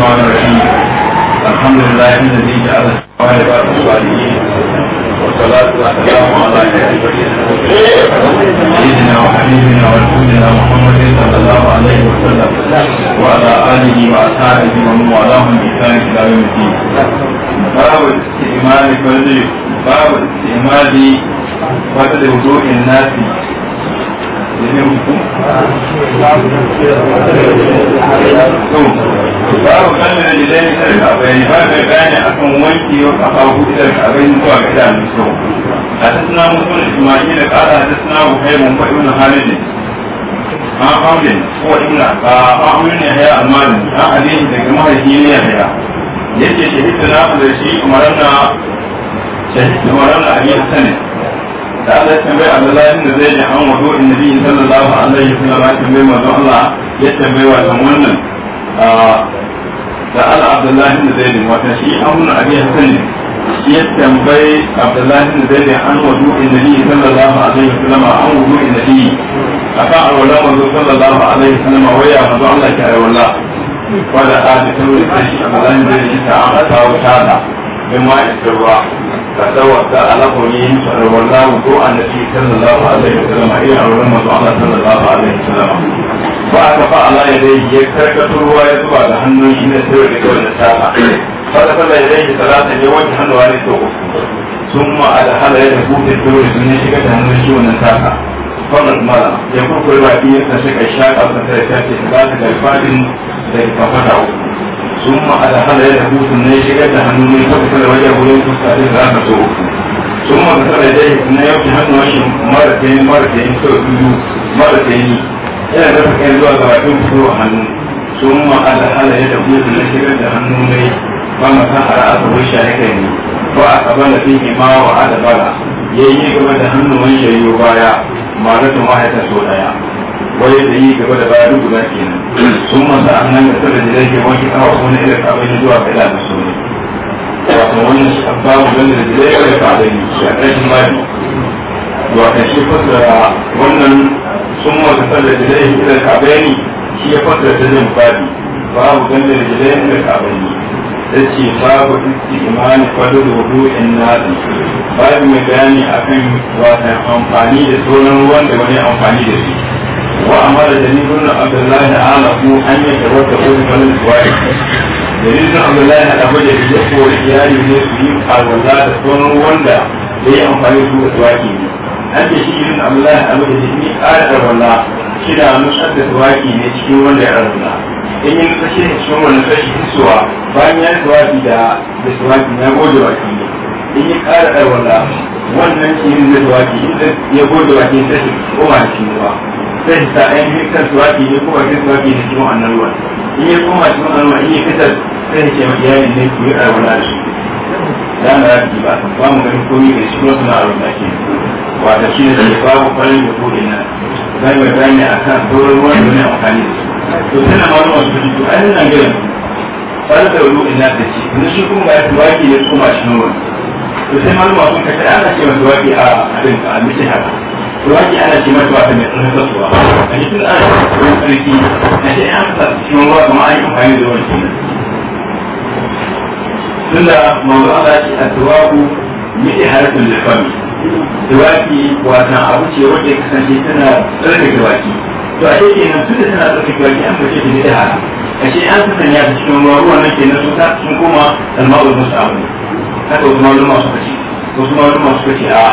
الرحمن الرحيم الحمد لله الذي جعل السماء بعد الصالحين والصلاة والسلام على سيدنا وحبيبنا ورسولنا محمد صلى الله عليه وسلم وعلى آله وأصحابه ومن والاهم بإحسان إلى يوم الدين باب استعمال فضل باب استعمال فضل وضوء الناس لمنكم babu kanin da zai yi abai ba mai bayani akan wanki wa kafa hudar abin zuwa ga idanun sau a tattuna mutum ismaili da kara a mun buhaimun ba ibn halidin an aure ko ibn a aure ne ya haya almani an alihi daga mahaifi ne haya yake shahidu na da shi umaran na shahidu umaran na abi hasanin da Allah ya tambaye Abdullahi da zai ji an wado annabi sallallahu alaihi wasallam ya tambaye manzon Allah ya tambaye wa wannan da ala abdullahi da zai ne wata shi abun abi hasan shi ya tambayi abdullahi da zai ne an wadu inda ni sallallahu alaihi wasallam an wadu inda ni a akan alwala manzo sallallahu alaihi wasallam waya manzo Allah ki alwala wala a da tauri kashi abdullahi da zai ne ta amsa wa da. min ma in ruwa ka tsawata ala a wurin ya karkato ruwa ya zuwa da hannun shi na sai da wannan buɗe dole sun da iya shaka ثم أدخل يده ثم يشهد أنه فكسر وجهه ليكسر ذات سوء ثم غسل يديه ثم يمسح وجهه مرتين مرتين سوء مرتين إلى ذلك يدعو غرائب سوء عنه ثم أدخل يده ثم يشهد أنه فمسح رأسه الشريكين فأقبل فيهما وأدبر يجيب له أنه يشيب بايا مرة واحدة سوء wai da yi gaba da baya duk guda kenan sun masa an nan gasar da jirage wani kawo wani irin abin zuwa ga ila da su ne wato wani babu wanda da jirage ya fada yi shi a ƙarshen mali wato shi fasara wannan sun masa sallar jirage ila ka shi ya fasara ta zan fadi babu wanda da jirage ila ka ta ce babu istimani fadar wudu'in nazi babu mai bayani akan wata amfani da sauran ruwan da wani amfani da shi وأمر جميل بن عبد الله عامه أن يتوكلوا بمن الوالد جميل بن عبد الله أبو جميل يقول إياه يسوي قال والله تكون وندا لي أمفاني سوء الواكي أن جميل بن عبد الله أبو جميل قال والله كده مشهد الواكي لتكون وندا يرضنا in yi kashe cikin wani kashi suwa bayan ya tuwafi da da tuwafi na gojewa kiyo in ya ƙara ɗarwala wannan shi ne zai waki inda ya goge waki sai shi koma da shi ruwa sai sa ɗayan shi kan suwaki ne kuma kan suwaki ne cikin wannan ruwan in ya koma cikin wannan ruwan in ya fitar sai shi ma iyalin ne ku yi ɗarwala da shi da na rafi ba ba mu ganin komi da shi ruwa suna ruwa ke wata shi ne da ya babu farin da ko'in nan zai mai a kan sauran ruwan da wani amfani da su to sai na malu masu kuɗi to ainihin nan gairan farin da ruwa ina da shi yanzu shi kuma ya tuwaki ya koma shi ruwan to sai malama sun kace ana ce masa waki a abin ka almishi haka to ana ce masa wata mai tsanin kasuwa a shi tun ana tsanin tsarki na ce an sa cikin ruwa kuma an yi amfani da wani kenan tunda mawdu Allah ce a tawabu min iharatul lifami tawaki wata abu ce wacce kasance tana tsarkake waki to a shi kenan tunda tana tsarkake waki an fice ta ne da haka a shi an sanya ta cikin ruwa ruwan nan kenan sun koma alma'ul musta'abun haka wasu maluma suka ce wasu maluma suka ce a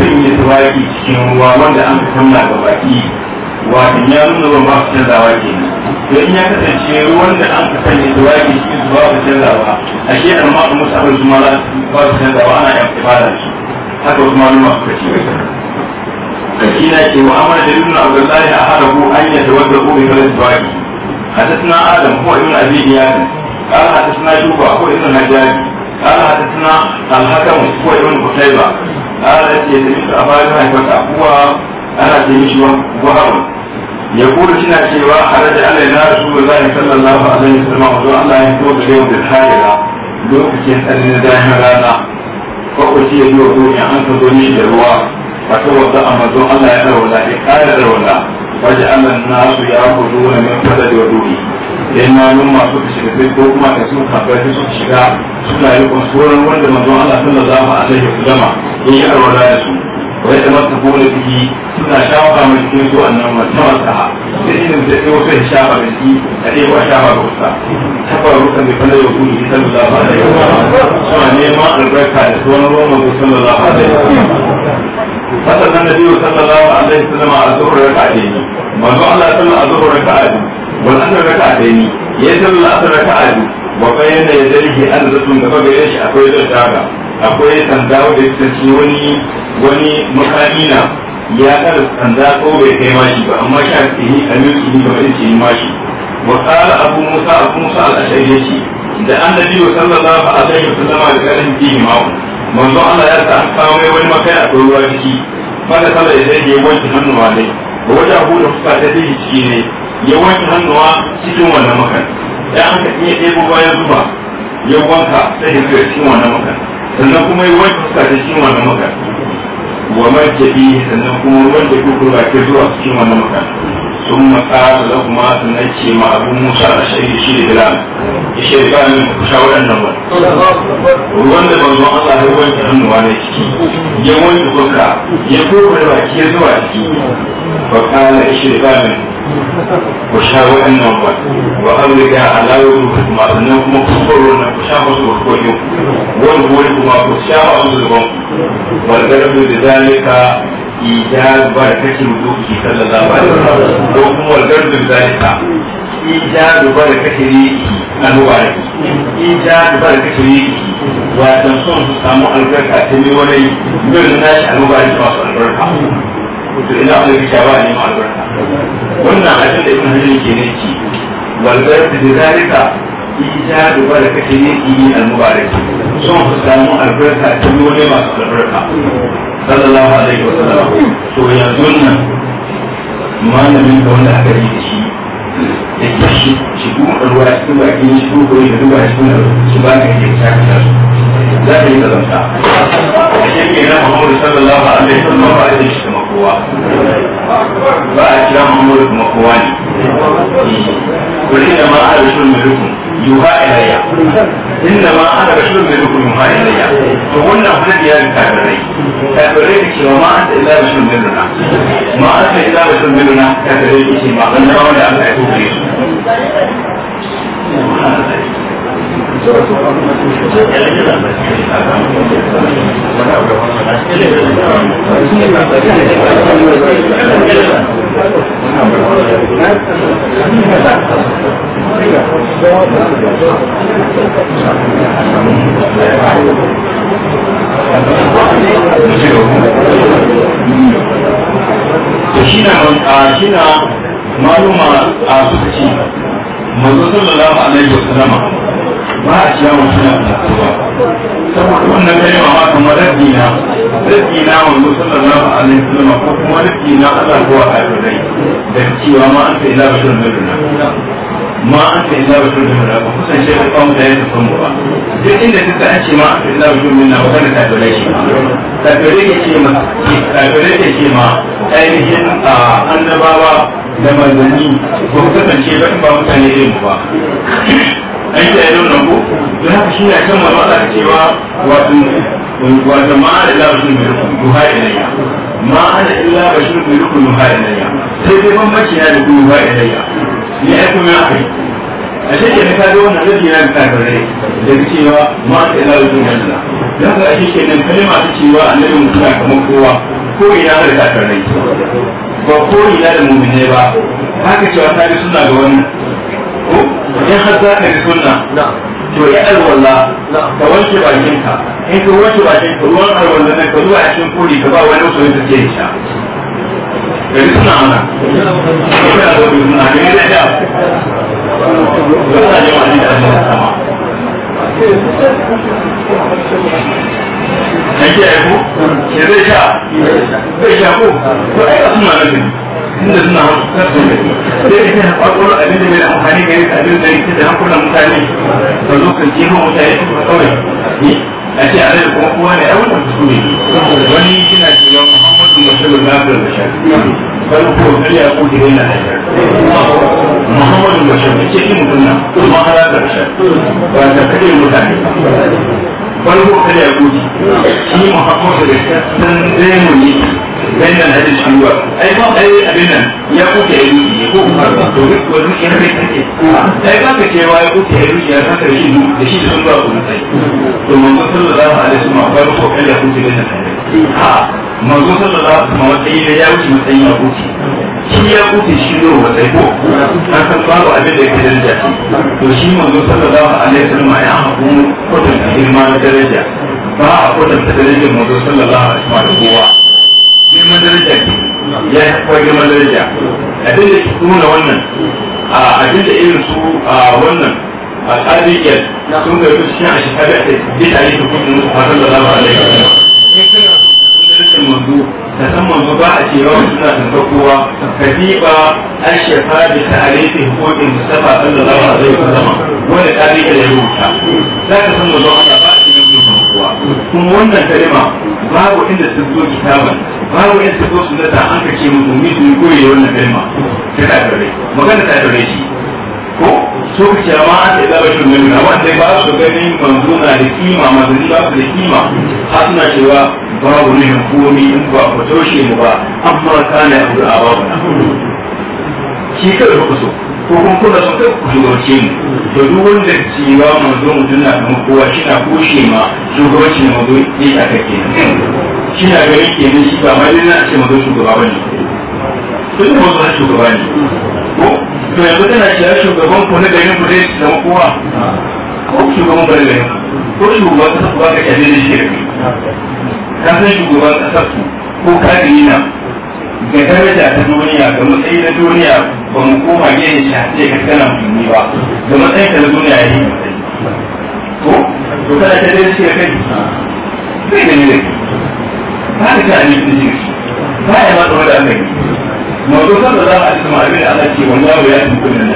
zan yi tawaki cikin ruwa wanda an ka kamla ga baki wato ya nuna ban ba su canzawa ke don ya kasance ruwan da an ka sanya tawaki cikin su ba su canzawa a shi an ma musu abin su ma ba su canzawa ana yan fada su haka wasu maluma suka ce kashi na ce wa amara da a abdullahi a harabu an yadda wanda ko bai fara tawaki حدثنا آدم هو ابن أبي ديان قال حدثنا شوبة هو ابن نجاري قال حدثنا الحكم هو ابن قتيبة قال التي يتمس أبا يوحي هو أنا تمشي وهو يقول شنا شيوا خرج علينا رسول الله صلى الله عليه وسلم وزوى الله يقول اليوم بالحاجة lokacin tsanin zahin rana kwakwai ya zuwa duniya an ka zo da ruwa wata wata a mazo Allah ya rauna ya kare rauna wajen nasu ya kudu na min da yana masu ka shiga ko kuma ka sun kafirai su shiga suna yi kusurin wanda manzon Allah sallallahu alaihi wasallama ya yi alwala da su wai da masu gole biki suna shafa mai cikin su annan wata wata da irin da ɗaya wasu ya shafa da shi a ɗaya wa shafa da wata shafa da wata mai fana yau kuma yi sallallahu alaihi wasallama suna neman albarka da tuwon ruwan manzon sallallahu alaihi wasallama hasan nan nabi sallallahu alaihi wasallam a zuhur raka'a ne manzo Allah sallallahu alaihi wasallam a zuhur raka'a wal asr ni. ya salla asr raka'a biyu wa bayyana yadayhi adatun gaba gare shi akwai zartaka akwai sanda wanda ya kasance wani wani makami na ya kada sanda ko bai kai mashi ba amma sha tihi amin tihi ba zai tihi mashi wa tsara abu musa abu musa al ya yace da an annabi sallallahu alaihi wasallam da garin tihi ma'u manzo Allah ya sa an kawo mai wani makai akwai ruwa ciki ba da sallah ya zai yi wanke hannuwa ne wajen hudu fuska ta tihi ciki ne ya wanke hannuwa cikin wannan makan da an ka iya ɗebo bayan zuba ya wanka sai ya zuwa cikin wannan makan sannan kuma ya wanke fuska ta cikin wannan makan wa marjabi sannan kuma wanda ke ba ke zuwa cikin wannan makan sun matsara da kuma sannan ce ma abin musa a shari'a shi da bilal ya shari'a ba min ku sha waɗannan ba ruwan da ban zuwa Allah ya wanke hannuwa na ciki ya wanke fuska ya kuma baki ya zuwa ciki ba kala ya shari'a ba min ku sha waɗannan ba wa amurka alawu kuma sannan kuma ku koro na ku sha masu kurkoki wani wani kuma ku sha masu zurban walgarabu da zalika ijabar kake rubuki sallallahu alaihi wasallam ko kuma walgarabu bi zalika ijadu barakati riki alwari ijadu barakati riki wa dan son su samu albarka ta ne wani gurin nashi alwari ba su albarka to ina wani yi shawa ne ma albarka wannan abin da ibn hajar ke ne wal barka da zalika ija da ne ki al-mubarak son ku samu albarka ta wani masu albarka sallallahu alaihi wa sallam to yanzu nan malamin da wanda aka yi da shi da ke shi shi kuma ruwa shi ba ke shi ko koyi da ruwa shi ne shi ba ka yi ta ta za ka yi da zanta a shi ke nan sallallahu alaihi wa sallam kowa ba a kira mamuru kuma kowa ne kulli da ma ana bashirun mulkun yuha ilayya inna ma ana bashirun mulkun yuha ilayya to wannan hulun ya yi kafirai kafirai da cewa ma anta illa bashirun mulkuna ma anta illa bashirun mulkuna kafirai da ce ma ban zama wanda aka yi kogare shina maluma a suka ce sallallahu alaihi ba a ciyawa suna tasowa saboda wannan kai ma kan raddi na raddi na manzo sallallahu alaihi wasallam ko kuma raddi na Allah ko a rai da cewa ma an sai ila bashirun nabiyuna ma an sai ila bashirun nabiyuna ba kusan shi ba mu da yake son ba duk inda duk an ce ma an sai ila bashirun nabiyuna ba kana tafirai shi ma tafirai ke ce ma tafirai ke ce ma ainihin annabawa da manzanni ba ku kasance ba in ba mutane irin ba an yi tsaye don nan ko don haka shi na kan mazu ala cewa wato wato ma ana illa bashin mai rukun duha ilayya ma ana illa bashin mai rukun duha ilayya sai dai bambanci na da kuma duha ilayya ni ai kuma ya kai a shi ke ka ga wannan zai yana ta kare da cewa ma ana illa bashin mai rukun don haka shi ke nan kalma ta cewa annabi mutum ya kamar kowa ko ina da kakarai ba ko ina da mumine ba haka cewa ta suna ga wannan in har za ka bi sunna to ya alwala ka wanke bakinka in ka wanke bakinka ruwan alwala ne ka zuwa cikin kuri ka ba wani ke sha da suna ana ina da wani suna ne da wani da sama ko? tunda suna hannu sai ita na kwakwaro abin da mai da amfani ga yin abin da yake da hankulan mutane da zo ka jima mutane kawai a ce a rai kuma kowa ne a wannan kuskure wani kina cewa muhammadu musulun na da shafi wani ko kariya ko da yana da shafi muhammadu musulun ce mutum na kuma har da shafi ba ta mutane ba wani kuma da ya gudu shi muhammadu da na zai ne wannan hadin shiwa ai ba ai abin nan ya kuke yi ne ko kuma ba to duk wani in rai kake ai ba ka cewa ya kuke yi ya saka da shi da sun ba ku sai to manzo sallallahu alaihi wasallam ko kai ya kuke da nan ha manzo sallallahu alaihi wasallam matsayi da ya wuce matsayin ya kuke shi ya kuce shi ne wa sai ko an san babu abin da yake daraja to shi manzo ya girma na daraja ba a kowa daraja ya daraja abin da ke nuna wannan abin da irin su wannan al'adiyyar sun cikin a shekaru sukan manzo da san manzo ba a cewa suna tambar kowa ba kadiba ashafa bi ta'arifi hukumin mustafa sallallahu alaihi wasallam wanda tarihi da rubuta za ka san manzo Allah ba a cewa suna kowa kuma wannan kalima babu inda ta zo kitaban babu inda ta zo sunnata an ka ce mu mu yi koyi wannan kalma ta kafirai magana ta kafirai shi ko su cewa an da zaba shi mai wanda ba su ganin manzo na da kima manzo ba su da kima har suna cewa babu nuhin komi in ba ku toshe mu ba an fara kana ya kula a babu na shi kawai ku so ko kuma kuna son kai ku shugabace mu to duk wanda cewa manzo mu na kamar kowa shi na kushe ma shugabanci na manzo yi a kai kenan shi na ganin kenan shi ba mai na ce manzo shugaba ba ne kun yi manzo shugaba ne ko to yanzu tana cewa shugaban ku na garin ku dai zama kowa ko shugaban bari garin ko shugaban ka ba ka kyale ne shi da kai Ka san shugaban kasar su ko kadiri na ga daraja ta duniya ga matsayi na duniya ba mu koma gehen shi hace ka kana musulmi ba ga matsayin ka na duniya yayi matsayi ko to kana ta dai shi kai zai da ne ba ka ta ne shi ba ya ma da wanda Allah ne mawdukan da za a tsama abin da Allah ke wallahi ya tuku nan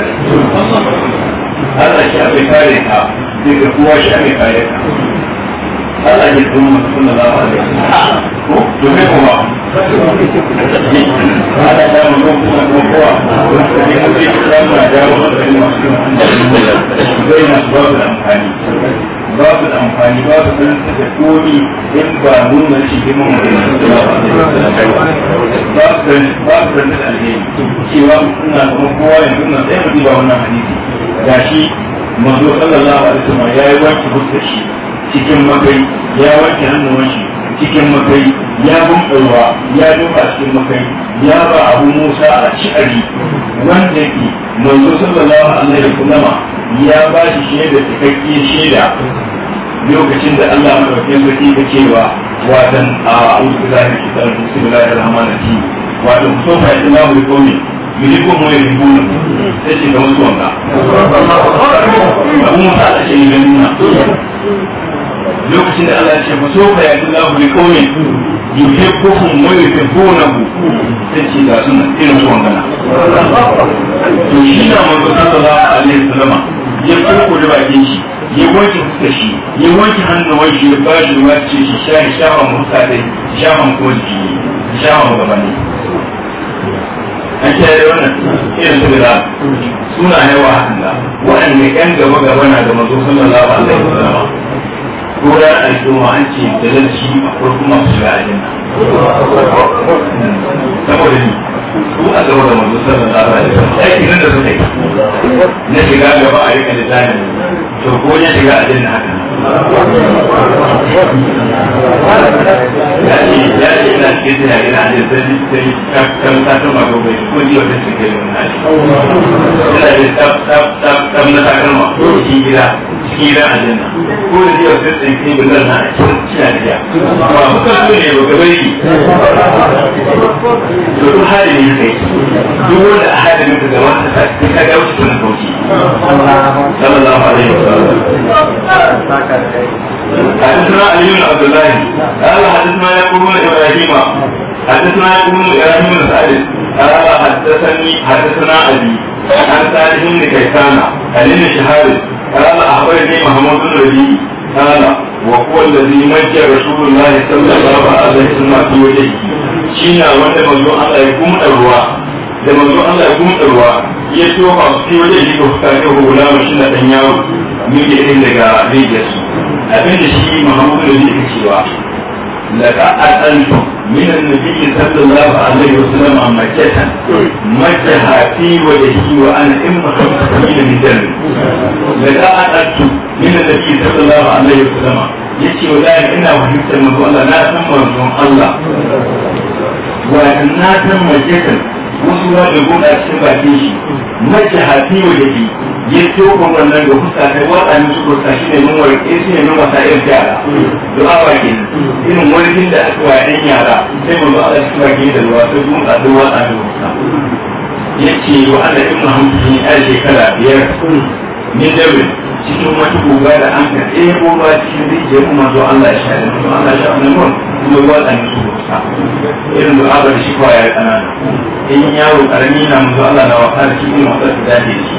Allah shi abai kare ka sai ka kowa shi abai kare ka هذا يدوم من سنة الله عليه يحبها هذا كان ممكن أن يقوى ويحبه الإسلام ويجاوز بين أسباب الأمحاني باب الأمحاني باب من تكوني إبا من الشيء من باب باب من الألهين سواء كنا نقوى يمكننا سيما دي بابنا حديثي gashi manzo sallallahu alaihi wasallam yayi wanki fuskar shi cikin makai ya wanke hannun shi cikin makai ya bumɓewa ya duka cikin makai ya ba abu musa a shi'ari wanda ke manzo sallallahu alaihi wa sallama ya ba shi shaida cikakken shaida lokacin da Allah madaukakin sarki ya cewa watan a a'udhu billahi min shaitanir rajim bismillahir rahmanir rahim wato so fa islamu bi ko yulikum wa yulikum sai ce ga musu wanda abu musa da shi ne nuna lokacin da Allah ya ce muso fa ya dilla bi qawmin yuhibbuhum ku yuhibbunahu tace ga sunan irin wannan to shi na manzo sallallahu alaihi salama ya farko da bakin shi ya wanke fuska shi ya wanke hannuwan shi ya ba shi ruwa ce shi sha shafa mutsa dai shafa ko sha shafa gaba ne an da wannan irin su da suna yawa hakan da waɗanda ƴan gaba gaba na da mazo sallallahu alaihi wasallam kura al'umma an ce da zarci akwai kuma su shiga aljanna saboda ni su a gaba da manzo sallallahu alaihi wasallam aiki nan da suka yi na shiga gaba a rika da zanen to ko ne shiga aljanna haka ya ce ina cikin tana ina da zai sai kan ta ta ko ji wata cike da wannan yana da tab tab tab tab na ta kalma ko shi gida shi gida aljanna ko da ji wata sai ke bin na cikin aljanna ba mu kan so ne ba gaba yi to duk hali ne kai duk wanda hali ne ka gaba ka ga wuce kuma kauci sallallahu alaihi wasallam حدثنا علي بن عبد الله قال حدثنا يقولون ابراهيم حدثنا يقولون ابراهيم بن سعد قال حدثني حدثنا علي عن سالم بن كيسان علي بن شهاب قال اخبرني محمود بن ربيع قال وهو الذي مجى رسول الله صلى الله عليه وسلم في وجهه شينا wanda manzo Allah ya kuma ruwa da manzo Allah ya kuma ruwa ya tofa su wajen shi ko kare hula shi na dan yawo mil ɗin daga rijiyar su abin da shi muhammadu da yake cewa laka asantu min annabi sallallahu alaihi wasallam makkatan makkaha fi wajhi wa ana imma khamsatin min janna laka asantu min annabi sallallahu alaihi wasallam yace wallahi ina fahimtar manzo Allah na san manzon Allah wa na san makkatan wasu ruwa da gona cikin bakin shi mace hafi wa da bi ya ciwo kwamfan nan da fuska watsa su shi ne min wani ɗaya shi ne min wasa irin yara da. ba ke irin wani da aka wa yara sai ba a cikin bakin da ruwa sai mun a ɗan watsa min fuska ya ce wa Allah ibn Hamdu a shekara biyar min dabin cikin wata goga da an ka ɗebo ruwa cikin rijiyar kuma zo Allah ya sha da kuma Allah ya sha wani ruwan kuma ruwa da ni su wasa irin da abar shi kwa ya ƙanana in yaro karami na manzo Allah na wasa da shi in wasa da dace da shi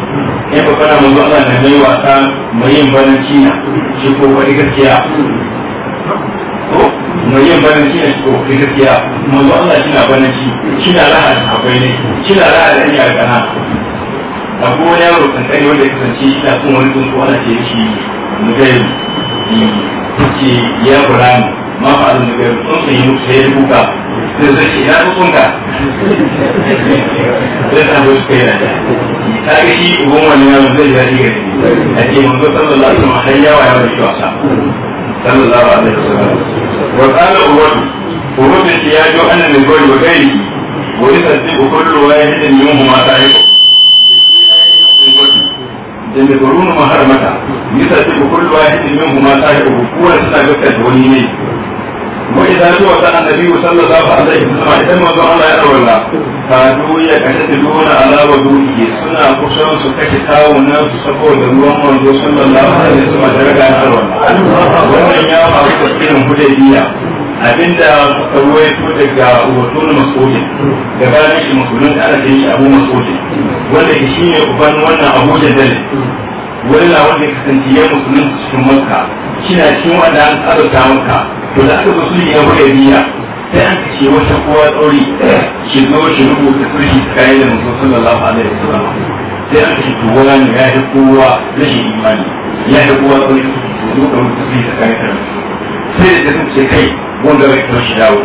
in ba kana manzo Allah na mai wasa mai yin baranci na shi ko wani gaskiya mai yin baranci na shi ko wani gaskiya manzo Allah shi na baranci shi na akwai ne shi na raha da ni a ƙanana a ko yaro kankani wanda ya kasance ina kun wani kuma ana ce shi nugari ce ya burani ma fa azun da gari sun sun yi muku sai ya buka sai zai ce ina ka zai ta zo su kai na ta ga shi ugun wani yaro zai ji daɗi gari a ce manzo sallallahu alaihi wasallam har yawa yawa shi wasa sallallahu alaihi wasallam wa qala uwadu uwadu ya jo annabi gori wa gairi wa yusaddiqu kullu wahidin minhum ma sa'iqu da barun maharmata yasa ce ku kullu wahidin minhuma sahibu kowa suna gaskata wani ne wa idza tuwa annabi sallallahu alaihi wasallam idan manzo Allah ya rawalla ka duya ka ta dona ala wa duki suna kusan su kake kawo na su saboda ruwan manzo sallallahu alaihi wasallam da daga rawalla wannan ya faru da irin hudaybiya abinda ruwaito daga da aka yi abu mas'ulin wannan shi ne uban wannan abu jadal wani na wanda ya kasance ya musulun cikin maka shi na cikin wanda an azurta maka to da aka musulun ya bude biya sai an kashe wata kowa tsauri shi zo shi rubuta sulhi tsakanin da musulun sallallahu alaihi wasallam sai an kashe kowa ne ya yi kowa rashin imani ya yi kowa tsauri su zo ka rubuta sulhi tsakanin da sai da ta kai wanda bai kai shi dawo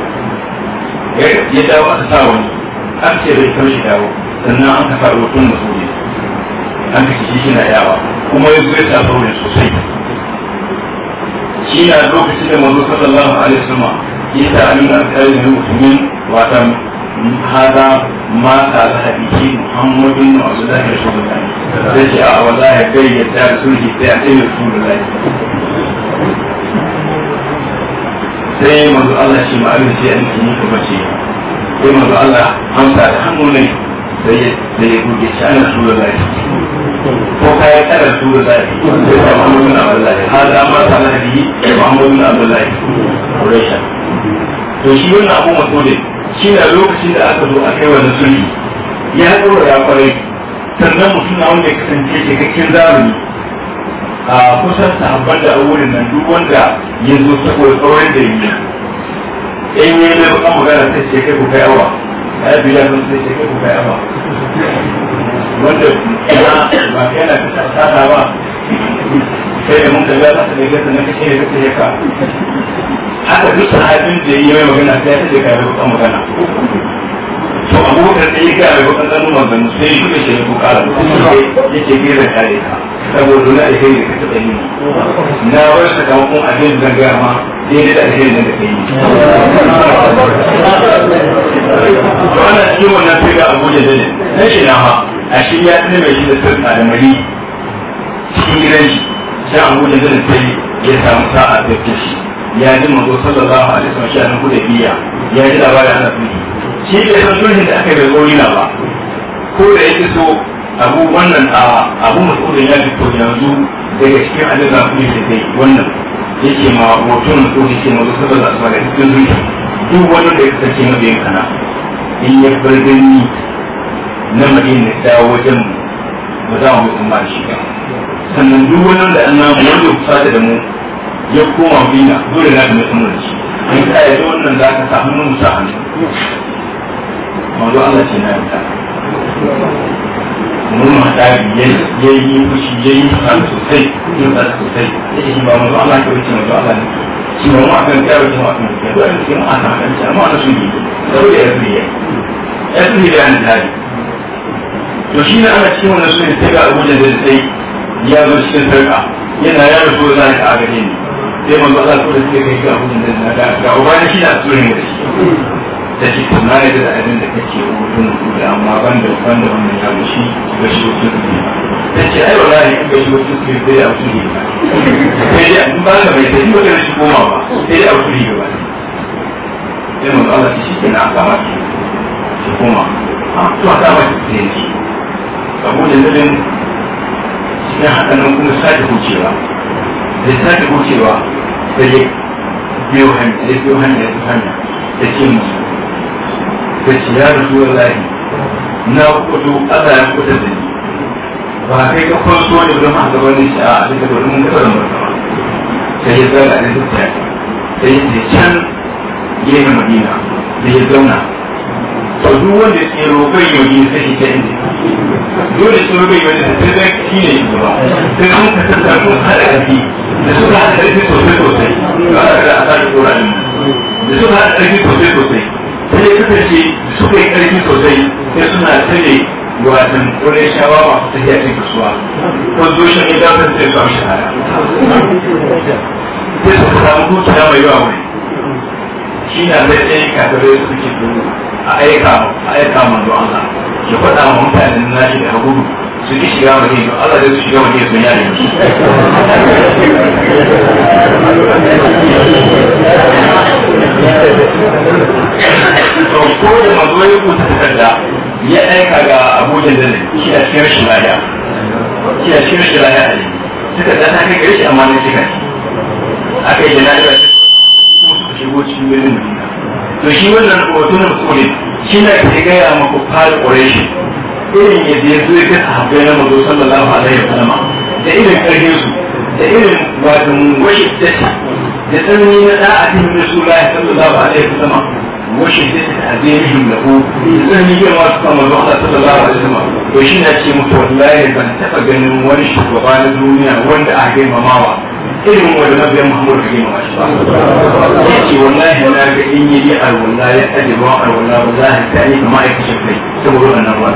ya dawo aka sa wani an ce bai tashi dawo sannan an kafa su masoli an kace shi shi na yawa kuma ya zuwa ta saurin sosai shi na lokacin da manzo sallallahu alaihi wasallam ya ta amin alƙalin mutumin wata hada ma ta zahabi muhammadin wa abdullahi da sai ce a wallahi kai ya ta sulhi sai a da rasulullah sai manzo Allah shi ma'amin sai an kini kuma ce sai manzo Allah amsa da hannu ne sai ya sai ya buge shi ana sura da ko kai kana sura da shi sai ta Muhammad bin Abdullah hada ma sana da yi Muhammad bin Abdullah Quraisha to shi wannan abu masole shi na lokacin da aka zo a kai wannan sulhi ya dora ya kwarai sannan mutum na wanda ya kasance cikakken zamani a kusan sahabban da a wurin nan duk wanda ya zo saboda tsawon da ya yi in yi ne ba magana sai ce kai awa yawa ya biya mun sai ce kai kuka wanda na ba kai na kasa tsada ba sai da mun da ya zata da gasa na kashe da kashe ka haka duk sahabin da yi mai magana sai ya ce kai kuka magana to abubakar da ya ga mai kuka zanu magana sai ya kuka shi kuka da ya ce gira kare ka saboda na da kai da ka taɓa yi na bar sakamakon abin da ma. daidai da alherin da cikin wannan sai abuja da na a shi ya mai shi da cikin gidan shi abuja sai ya samu shi ya ji manzo sallallahu alaihi wasallam shi a nan biya ya ji labarin ana sulhi shi bai san sulhin da aka yi bai na ba ko da yake so abu wannan a abu mas'udin ya fito yanzu daga cikin aljanna kuma da wannan yake ma hoton ko yake ma wasu da su da cikin zuciya duk wani da yake cikin mabiyin kana in ya bar ni na madina da wajen mu ba za mu yi umma shi ba sannan duk wani da an namu wanda ku fata da mu ya koma bina dole na da mai umma shi in ka yi wannan za ka sa hannu mu sa hannu manzo Allah ce na yi ta mun hada yayi yayi fushi yayi kan sosai yin da sosai yace shi ba mu Allah ke wuce mu Allah ne shi ba mu akan kai wuce mu akan kai dole sai mu aka kan shi amma ana ya sunni ya sunni da an dai to shi ne ana cewa na sunni sai ga Abuja da sai ya zo cikin sarka yana ya rasu da ka gare ni sai manzo Allah ko da sai kai ga Abuja da ga ga ubani shi na sunni da shi ta ce kuma na da abin da kake rubutun rubutu amma ban da ban da wannan ya mushi ga shi wasu ne ta ce ai wala ne ga shi wasu ne sai a wasu ne ba sai dai an ba da mai sai wata shi koma ba sai dai a ne ba sai mun Allah shi ke na aka maki shi koma a to aka maki sai ne saboda nan cikin hakanan kuma sake hucewa da sake hucewa sai ya biyo hanya ya biyo hanya ya biyo hanya ya ce musu ta ce ya rasu wallahi na kudu Allah ya kudu da ni ba kai ka kwanso ne zama a ne shi a duka domin mun kasar martaba sai ya zaga da duk sai ya ce can gefen madina da ya zauna to duk wanda ke roƙon yoyi sai shi ta inda dole sun roƙon yoyi sai zai shi ne shi ba sai mun ka tattara sun a ƙarfi da su suka haɗa ƙarfi sosai sosai ba a da a sa shi ƙoranin da suka haɗa ƙarfi sosai sosai sai kasance su yi ƙarfi sosai sai suna tare watan wurin shawa masu tafiya cikin kasuwa wanzu shi ne za su sai su amshi haya sai suka samu dukiya mai yawa wani shi na zai tsaye kafirai suke dubu a aika a aika manzo Allah ya faɗa wa mutanen nashi da hagudu sun yi shiga Allah zai su shiga mani sun yare to ko da mazo ya rubuta takarda ya aika ga Abuja da ne shi a cikin rashin lafiya shi a cikin rashin lafiya ne takarda ta kai shi amma ne cikin aka yi jana'iza kuma suka shigo cikin birnin to shi wannan hotunan kulin shi na ke gaya maku da ƙwarai irin yadda ya zo ya kasa habbai na mazo sallallahu alaihi wa sallama da irin karfin su da irin wato wai da da tsanani na da'a cikin rasulullahi sallallahu alaihi wa sallama washin da ta zai yi da ku zan yi yawa su kama zuwa Allah sallallahu alaihi wasallam to shi na ce muku wallahi ban taba ganin wani shugaba na duniya wanda a girmamawa irin wannan bai mahmud kai ma ya ce wallahi na ga in yi a alwala ya aje ba alwala ba za ta yi kamar aikacin kai saboda wannan ruwa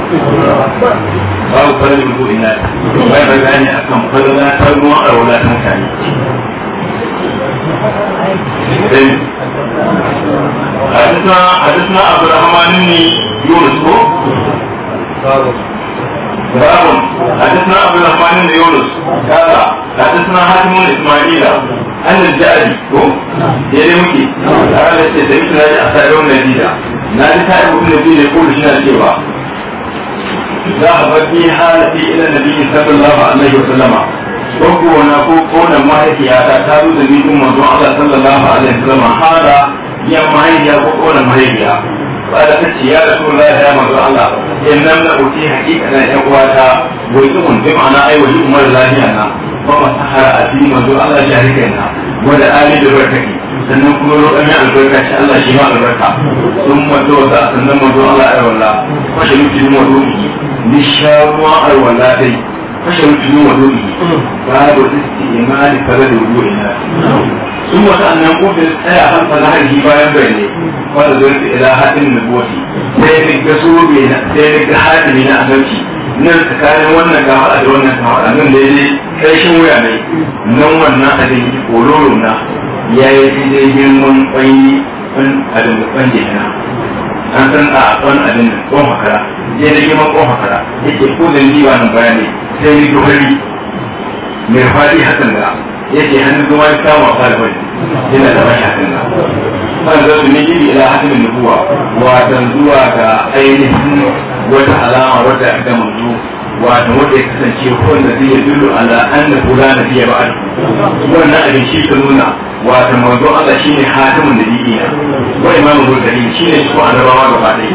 babu farin mutu ina bai bai gane akan farin na ta ruwa alwala ta mutane حدثنا حدثنا عبد الرحمن بن يونس باب حدثنا ابو الرحمن بن يونس قال حدثنا حاتم بن اسماعيل أن الجاري هو يلمكي قال سيدنا لا أسألون نبيلا نادي سائب بن نبيل يقول شنا سيوا ذهب في حالتي إلى النبي صلى الله عليه وسلم Gogo na ko kona mahaifiyata ta zo da mijin manzon Allah sallallahu alaihi wasallam hada yan mahaifiya ko kona mahaifiya قال تتي يا رسول الله يا من الله إن لم نكن حقيقة أن يقواتا ويتم بمعنى أي ويتم الله أنا سحر أتي الله شاركنا ولا آلي ya albarka shi Allah shi ma albarka sun ya walla kwashe mutum alwala dai kashe mutum wa dole hmm. babu riski imani tare da wuri na sun wata annan kofin tsaya har sana harki bayan bayanai wanda zuwa ila haɗin na bofi sai ya ga sobe na sai ya ga haɗin na asarci nan tsakanin wannan gawa da wannan ga haɗa nan daidai ƙarshen wuya ne nan wannan abin kororo na ya yi daidai girman ƙwanyi abin da ƙwanje na an san a ƙwan abin da ƙwan hakara daidai girman ƙwan hakara ko da ni ba nan bayani sai yi duwari mai faɗi hakan da yake hannun zuwa ya samu a falwai yana da mai hakan da kan zai ne gidi ila da nubuwa watan zuwa ga ainihin wata alama wata ga manzo wata wanda ya kasance wanda zai yadullu ala anna fulana fiye ba'ad wannan abin shi ta nuna wata manzo Allah shi shine hatimin nabiyina wa imamu burgari shi ne shi ko annabawa gaba ɗaya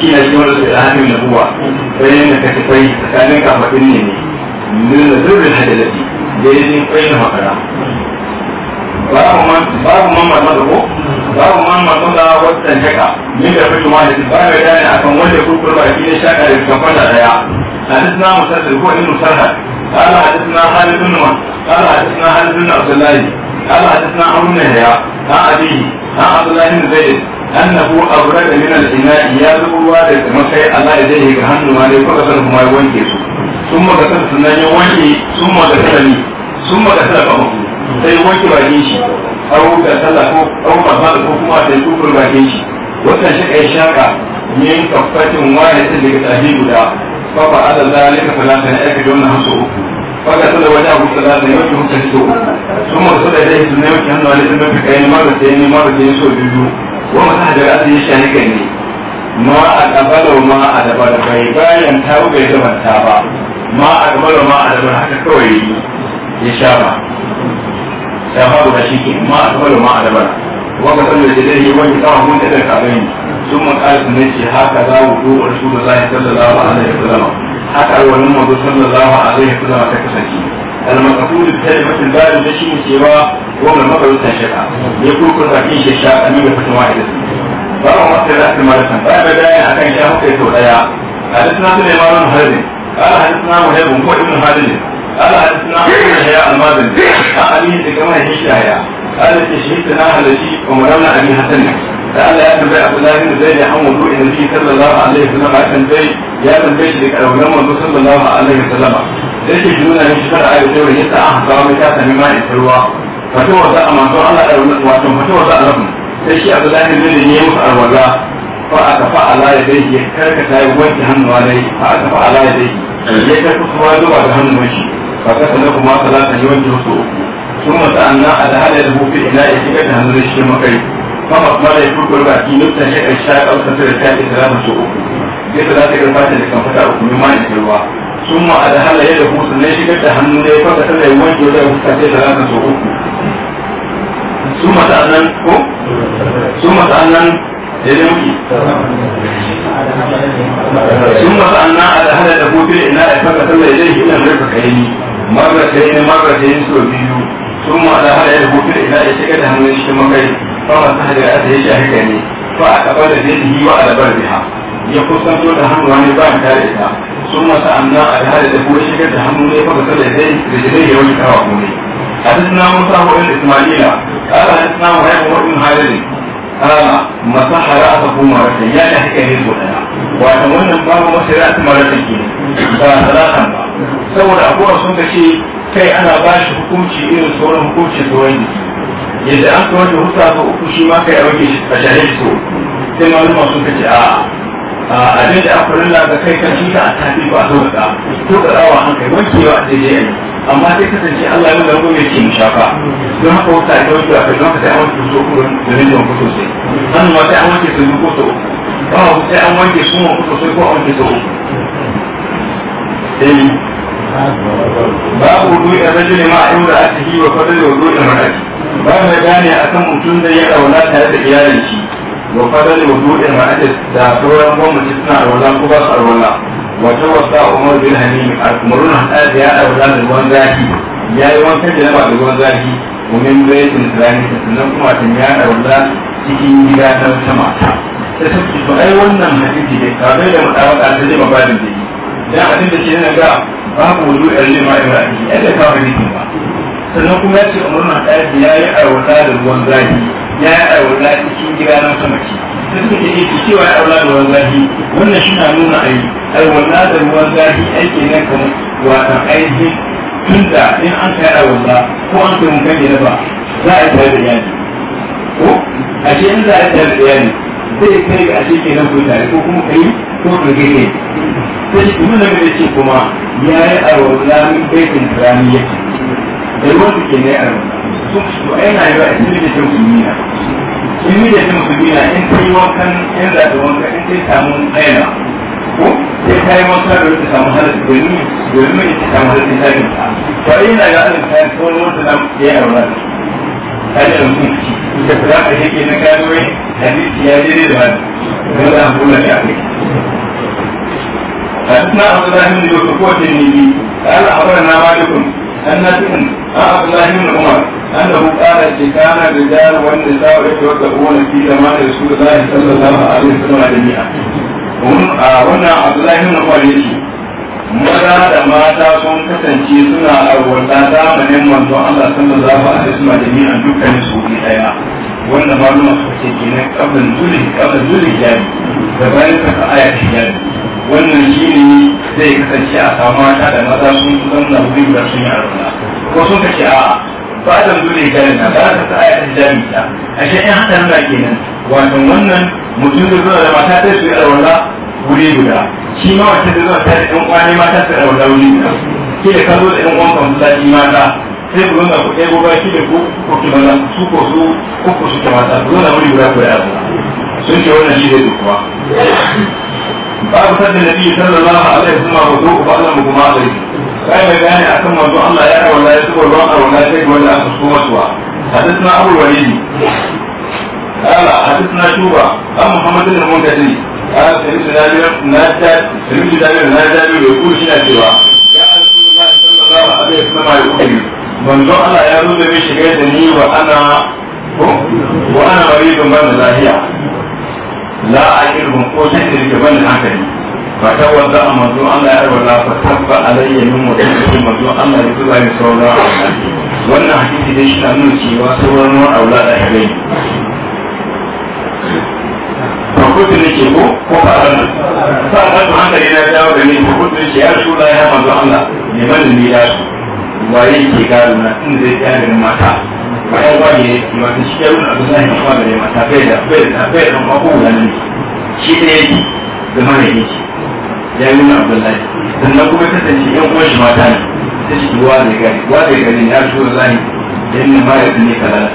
shi ne shi wanda suka hannun na buwa sai yana kashe kwai tsakanin kafaɗin ne ne nuna zurbin hadalati da ya yi kwai na makara babu man babu man marmata ko babu man marmata wata shaka min da fito wani ba ya gane akan wanda kurkur ba shi ne shaka da kafan da daya hadisna musaddad ko ibn sarhad قال حدثنا خالد بن قال حدثنا خالد بن عبد الله قال حدثنا عمرو بن يحيى عن أبيه عن عبد الله بن زيد أنه أبرد من الإناء يذكر والد مسعي على يديه جهنم عليه فغسلهما يوانكي ثم غسل سنان يوانكي ثم غسلني ثم غسل فمه sai wanke bakin shi au da sallah ko au kafa da ko kuma sai kufur bakin shi wannan shi kai shaka min kafatin wani daga tahi ne ka wata sada wata abu sada da yawancin mutane so su ma sada da suna yawancin hannu wani sun fika yin mara sayan ne mara sayan so biyu wa masu hajjar asu yi shani kan ne ma a dabalo a dabalo bai bayan ta uga ya zama ta ma a dabalo a dabalo haka kawai ya sha ba ta ba guda shi ke ma a dabalo ma a dabalo wata sada da yake wani kama mun da ɗan kabin sun ma ƙasa ne ce haka za mu ko wani su da zai sallallahu alaihi wa haka yi wani mazo sannan zama a zai fi zama ta kasance almakafu da ta da mafi bayan da shi ce ba wani makarantar shaka ya kurkur a kin shi shaka ne da fitin wa ilisi ba a mafi da ake marasan ba a bai daya a kan shi haka ya sau daya suna su nema ran harbi a da hadisi na muhe bun ko ibn harbi ne a da hadisi na muhe haya almadin a ali da kamar shi shaya a da ke shi ta na kuma ramna ali hasan ne قال يا تنبي أبو لابن زيد عن وضوء النبي صلى الله عليه وسلم يا تنبي يا تنبي شريك أو يوم صلى الله عليه وسلم ليش يجنون أن يشفر آية وجوه يسعى أحضر مكاسة مما يسروا فتوى ذا أمان دون الله واتم فتوى ذا لهم ليش أبو لابن زيد يموت الولا فأتفع على يديه يكرك تاي وجه هم عليه فأتفع على يديه يكرك سواده بعد هم وجه فكتلهما ثلاثة يوجه سوء ثم سألنا أدهل يده في إنائه كتهن رشي مكيه فقط ما لا يفوت والباقي نبتا شيء الشاك أو سفر الشاك ثلاثة سوء يبقى لا تقل فاتح لكم فتاة أكم مما يتلوا ثم أدهل يده سنة شكت هنو لي فقط لا يواجه ولا يفتاة ثلاثة سوء ثم تأذن ثم تأذن يدمكي ثم تأذن أدهل يده في الإناء فقط لا يليه إلى مرفقين مرتين مرتين سوء ثم أدهل يده في الإناء شكت هنو لي شكت kawai ta hajjara ta yi haka ne fa a taɓa da zai yi wa alabar biha ya kusanto da hannu wani bayan tare da sun masa a tare da shigar da hannu ne da da kuma موسى بن اسماعيل قال حدثنا وهيب بن خالد قال مسح راسه مرتين يا حكى لي واتمنى باب مسح راسه مرتين ثلاثا saboda abubuwan sun ga kai ana ba hukunci irin sauran hukuncin sauran jiki yadda an ka ta hutu uku shi ma kai a wanke a shahe shi sai malama sun kace a abin da aka rulla ga kai kan shi ka a tafi ba so ka to ka rawa an kai wa a daidai amma sai kasance Allah ya nuna mai cin shafa don haka wata ta wanke a kai don haka sai an wanke kuma da ne don kuso an ma sai an wanke su ko so ba sai an wanke su ko so ko an wanke so uku babu wudu a rajin ma a yura a tafi wa fadar da wudu a maraki ba mai gane a kan mutum da ya rauna tare da iyalin shi wa fadar da wudu a maraki da sauran gwamnati suna rauna ko ba su rauna wata wasa umar bin hanif al-kumurun hadar ya rauna da ruwan zafi ya yi wankan da nama da ruwan zafi domin baitin zani sannan kuma tun ya rauna cikin gida ta mata ta sabbi to ai wannan hadisi da kawai da mutabaka ta zai mabadin da yi dan abin da ke nan ga babu wudu a rage ma ibrahim yadda ka ba ne ba sannan kuma ya ce umar na ɗaya ya yi aiwata da ruwan zafi ya yi aiwata cikin gida na wata mace ta suka ce eh, ita cewa ya aula da ruwan zafi wannan shi na nuna ai aiwata da ruwan zafi ne nan kamar wata ainihin tunda in an kai aiwata ko an kai mun kai ba za a yi tare da iyali ko a ce in za a yi tare da iyali. sai kai ga ashe kenan ku tare ko kuma kai ko ka ne sai shi kuma nan ce kuma ya yi arwala min baitin rani yake dai wanda ke ne arwala su su ai na yi ba a cikin da musulmi na in da ta musulmi na in kai wankan in za ta wanka in kai samu aina ko sai ta yi da ta samu halatta domin domin ta samu halatta ta ne ba ina ga alƙalin kawai wanda na ya yi hajjar mutu da za ta ke na kanuwa hadisi ya jere da hadisi ga da hankula da ake hadisi na abu zahim da yau kuwa ce ne yi ta ala abu na malikun an na cikin an abu zahim da kuma an da hukara ce da jari wanda ya sawa rake wata kowane fi da ma da su da zahim sallallahu alaihi wasallam a jami'a wannan abu zahim na kuma ne shi maza da mata sun kasance suna arwata zamanin manzo Allah sallallahu alaihi wasallam da ni a dukkan su ne daya wanda maluma suka ce kenan kabin zuli kabin zuli jari da bayan saka aya ta jari wannan shine zai kasance a samu mata da maza sun na wuri da sun yi arwata ko sun ka kace a'a ba da zuli jari na ba ta aya ta jari ta a ashe in haka nan kenan wato wannan mutum da zuwa da mata sai su yi arwata wuri guda shi ma wacce da zuwa ta da ɗan kwani mata ta da wani wuri guda ke da ka zo da ɗan kwanka misali mata sai ku zama ku ɗaya gobe shi da ku ku ki maza su ko su ko ku su ki mata ku zama wuri guda ku da yawa sun ce wannan shi zai dukuwa babu sadda nabi sallallahu alaihi wasallam ko ko ba Allah mu kuma alaihi kai mai gane akan manzo Allah ya rawa ya zuba ruwan arwana sai wanda aka so masuwa حدثنا أبو الوليد قال حدثنا شوبة عن محمد بن المنكدري manzo Allah ya rubuta mai shiga da ni wa ana ko wa ana bari don ban lafiya la akil hum ko sai da ke ban hankali ba ta wanda manzo ya rubuta ta nuna hukuncin ne ke ko ko faran nan sa'an nan to hankali na dawo da ni hukuncin ce ya shura ya manzo Allah ne man ne ya su waye ke gado na in zai tsaya da mata bayan ba ne ma ta shi yaro abu sai ne kuma da mata bai da bai da bai da ma ko wannan shi ne da mare ne ya yi na Abdullahi sannan kuma kasance yan uwan shi mata ne ta shi wa da gari wa da gari ya shura zai dan ne ma ya ne kalala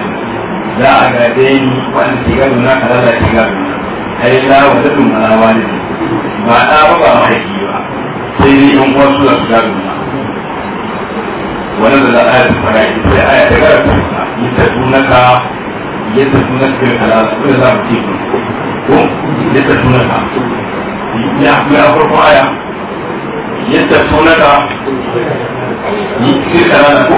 za a ga dai wanda ke gado na kalala ke gado ai la wa ta dum ala wani ba da ba ba mahaifi ba sai ni in uwa su su gado ma wannan da ayat fara ita sai ayat da ga ta ita tunaka yadda sunan kai kala ko za mu ci ko yadda tunaka ya ya farko aya yadda tunaka ni sai kala ko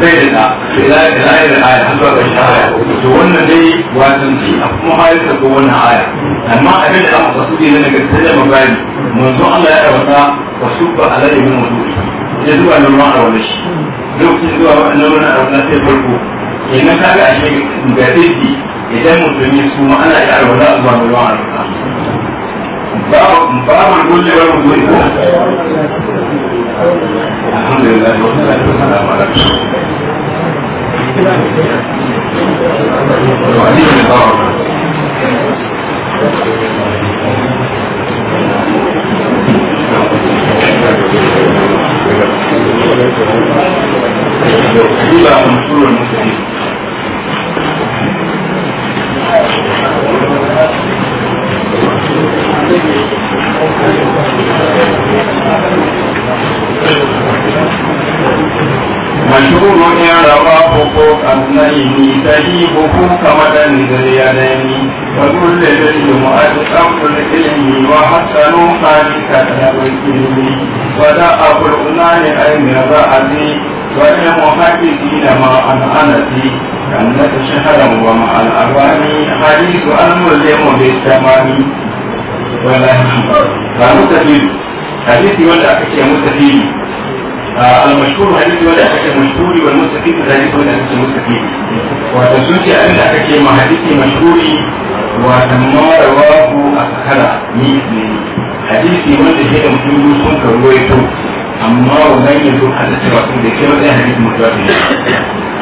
zai rika ila ila ila aya har zuwa ƙarshen aya to wannan dai wasan ci a kuma halin da wannan aya amma abin da aka fasu ne daga tsaye magani manzo Allah ya rabata wasu ba alai min wuduri ya zuwa nan ma a wani shi lokacin zuwa wannan wani a wani sai farko idan ka ga ashe ga dai idan musulmi su ma ana iya arwala zuwa ga ruwan arwala babu babu gujewa wuduri alhamdulillah wa salatu Thank you. mashirun wani ya raba ta yi hukun da ni da ya da ni ba zuwa da ya yi mu a na ta shahara mu ba المشهور حديث ولا أكل مشهور والمستفيد ذلك ولا أكل المستفيد وتسوسي أن لك ما حديثي مشهوري وتما رواه أكلا مثلي حديث من الشيء المسلم سنك رويته أما وبينه هذا السبب ذلك كان هذا حديث مجرد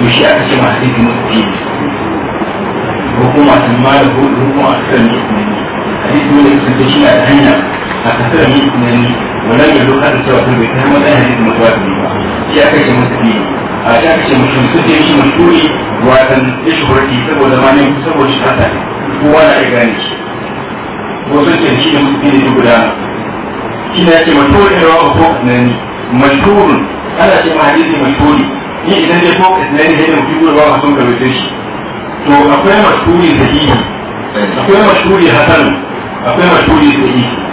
يشيء أكثر ما حديث مستفيد وكما المال هو هو أكثر مثلي حديث من الشيء المسلم a tattara yi tunani wannan yanzu ka da cewa turbe ta hanyar zai hadisi masu wata nema shi ya kashe masu biyu a ya kashe mutum sun je shi mashuri watan ya shuhar ki saboda ma ne saboda shi kasa kowa na ya gane shi ko sun ce shi ne mutum ne guda shi ne ya ce mashuri ne wa ko tunani mashuri ana ce ma hadisi mashuri ni idan dai ko tunani ne mutum guda ba mutum ka bude shi to akwai mashuri sahihi akwai mashuri hasanu akwai mashuri sahihi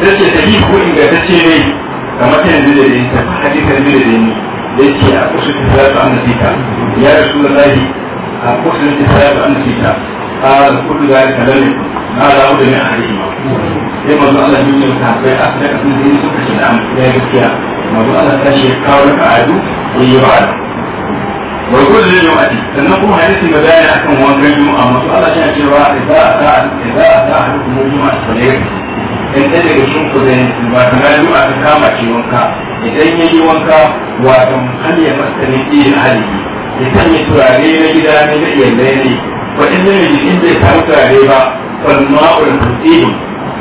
sai ce ta yi ko ingantacce ne ga mata da dai ta hadi ta da ni yake a kusa ta zai ta annabi ta ya rasu a kusa ta zai ta annabi ta a kusa ga ta da ne na da wuri ne a hadi ma sai manzo Allah ya yi mata a ta kasan yi yake kace da amma ya gaskiya manzo Allah ta shi kawo ka adu ya yi ba wa kullu yawmati sannan kuma hadisi ga bayani akan wannan yau amma Allah ya ce wa idza ta idza ta hadu mu'minu as-salih in ɗaya daga cikin ku zai ba ta na du'a ta kama ce wanka idan ya yi wanka wato hali ya masa ne iya hali ya sanya turare na gida ne na iyalai ne wa in da mai jikin bai samu turare ba falma ul kusiri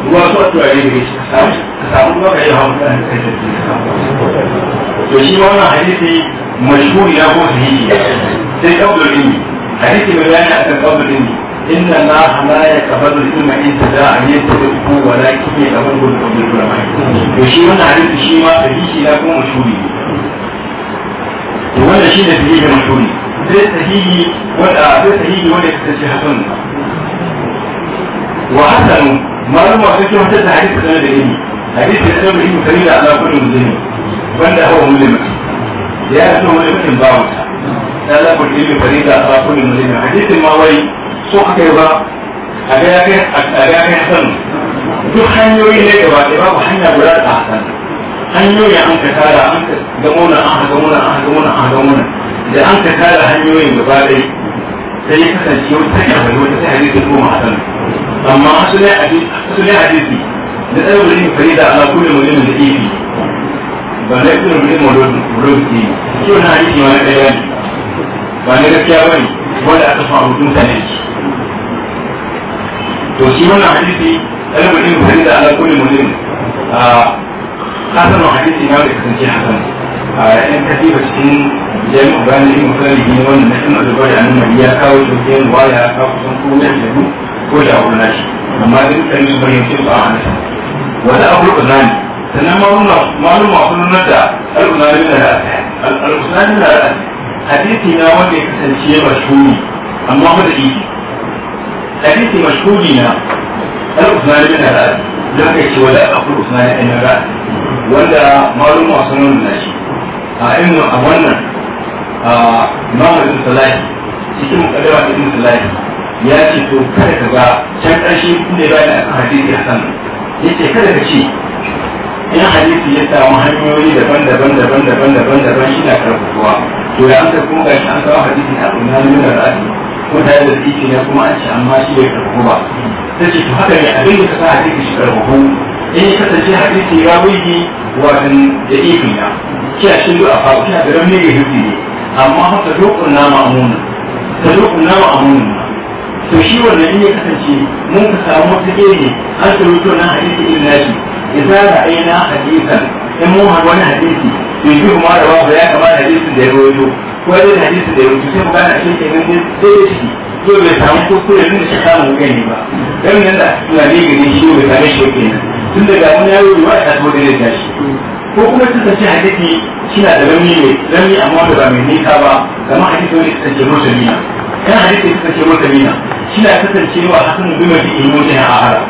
ruwa su a turare da shi ka samu ba ka yi hawa mutane kai da ke to shi ma wannan hadisi mashhuri na ko sahihi sai kabulin hadisi mai bayani akan kabulin ne إن الله لا يقبل الأمة انتزاعا يتبعه ولكن يقبله الحب العلماء وشي وانا عرفت شي ما تهيشي لا كون مشهوري وانا شي نتهيه مشهوري زي تهيجي وانا زي تهيجي وانا كتنسي حسن وحسن ما لما فكرة حتى حديث سنة دقيني حديث سنة دقيني فريدة على كل مسلم وانا هو ملمة يا أسنو ملمة باوتا لا لابد إلي فريدة على كل مسلم حديث ما وي so aka yi ba a gaya ya hasan duk hanyoyi ne gaba ɗaya babu hanya guda da hasan hanyoyi an ka tara an ka gamo an ka an ka an ka da an ka tara hanyoyin gaba ɗaya sai ya kasance wata ta yawa wata ta hadisi ko ma hasan amma ne hadisi da ɗaya wani da ala kullum wani da ifi ba na yi kuma wani mulodi ke yi na hadisi ma na ɗaya ba ne gaskiya ba ne wanda aka samu mutane to shi wannan hadisi ɗalibin ilmi sai da ala kulli muslim a hasan hadisi na da kasance hasan a yan katiba cikin jami'in bayan ilmi kalli ne wannan na ilmi da ya nuna ya kawo jirgin waya ya kusan komai da mu ko da abu na amma duk kalmi bayan ce ba a hannun wani abu da nani sannan maluma maluma sun da al na da al na da hadisi na wanda ya kasance ya mashhuri amma ba da iji hadisi mashhuri na al-usman bin al-as da kai ce wala abu usman bin al-as wanda malum masu nuna shi a ilmu a wannan a mamu ibn salahi cikin mukaddama ibn salahi ya ce to kada ka ga can karshe inda ya bayar a hadisi hasan yace kada ka ce in hadisi ya samu hanyoyi daban-daban daban-daban daban-daban shi na karfafuwa to da an kuma ga shi an kawo hadisi a kunna nuna ra'ayi ko da da tiki ne kuma an ce amma shi bai karbu ba sai ce to haka ne abin da ka sa hadisi shi karbu in ya kasance hadisi ya wuce wajen da ifi na kiya shi a faru kiya da ramin da hirzi ne amma haka dokun na ma'amunin ta dokun na ma'amunin to shi wannan in ya kasance mun ka samu wata ne an tsaro to na hadisi illahi idza ra'ayna hadisan in mun haɗu wani hadisi ya shi kuma da wasu ya kama da hadisin da ya rawaito ko ya da hadisin da ya rawaito sai mu gane a cikin kenan ne sai ya shi to bai samu kuskure tun da shi samu gani ba dan nan da suna ne gani shi bai same shi kenan tun da ga mun yawo ruwa ta zo da ne ko kuma tun da shi hadisi da rami ne rami amma da ba mai nisa ba kamar hadisi wani ta ce musulmi kan hadisi ta ce musulmi shina kasancewa hasan bin mutum ilmu ne a ahara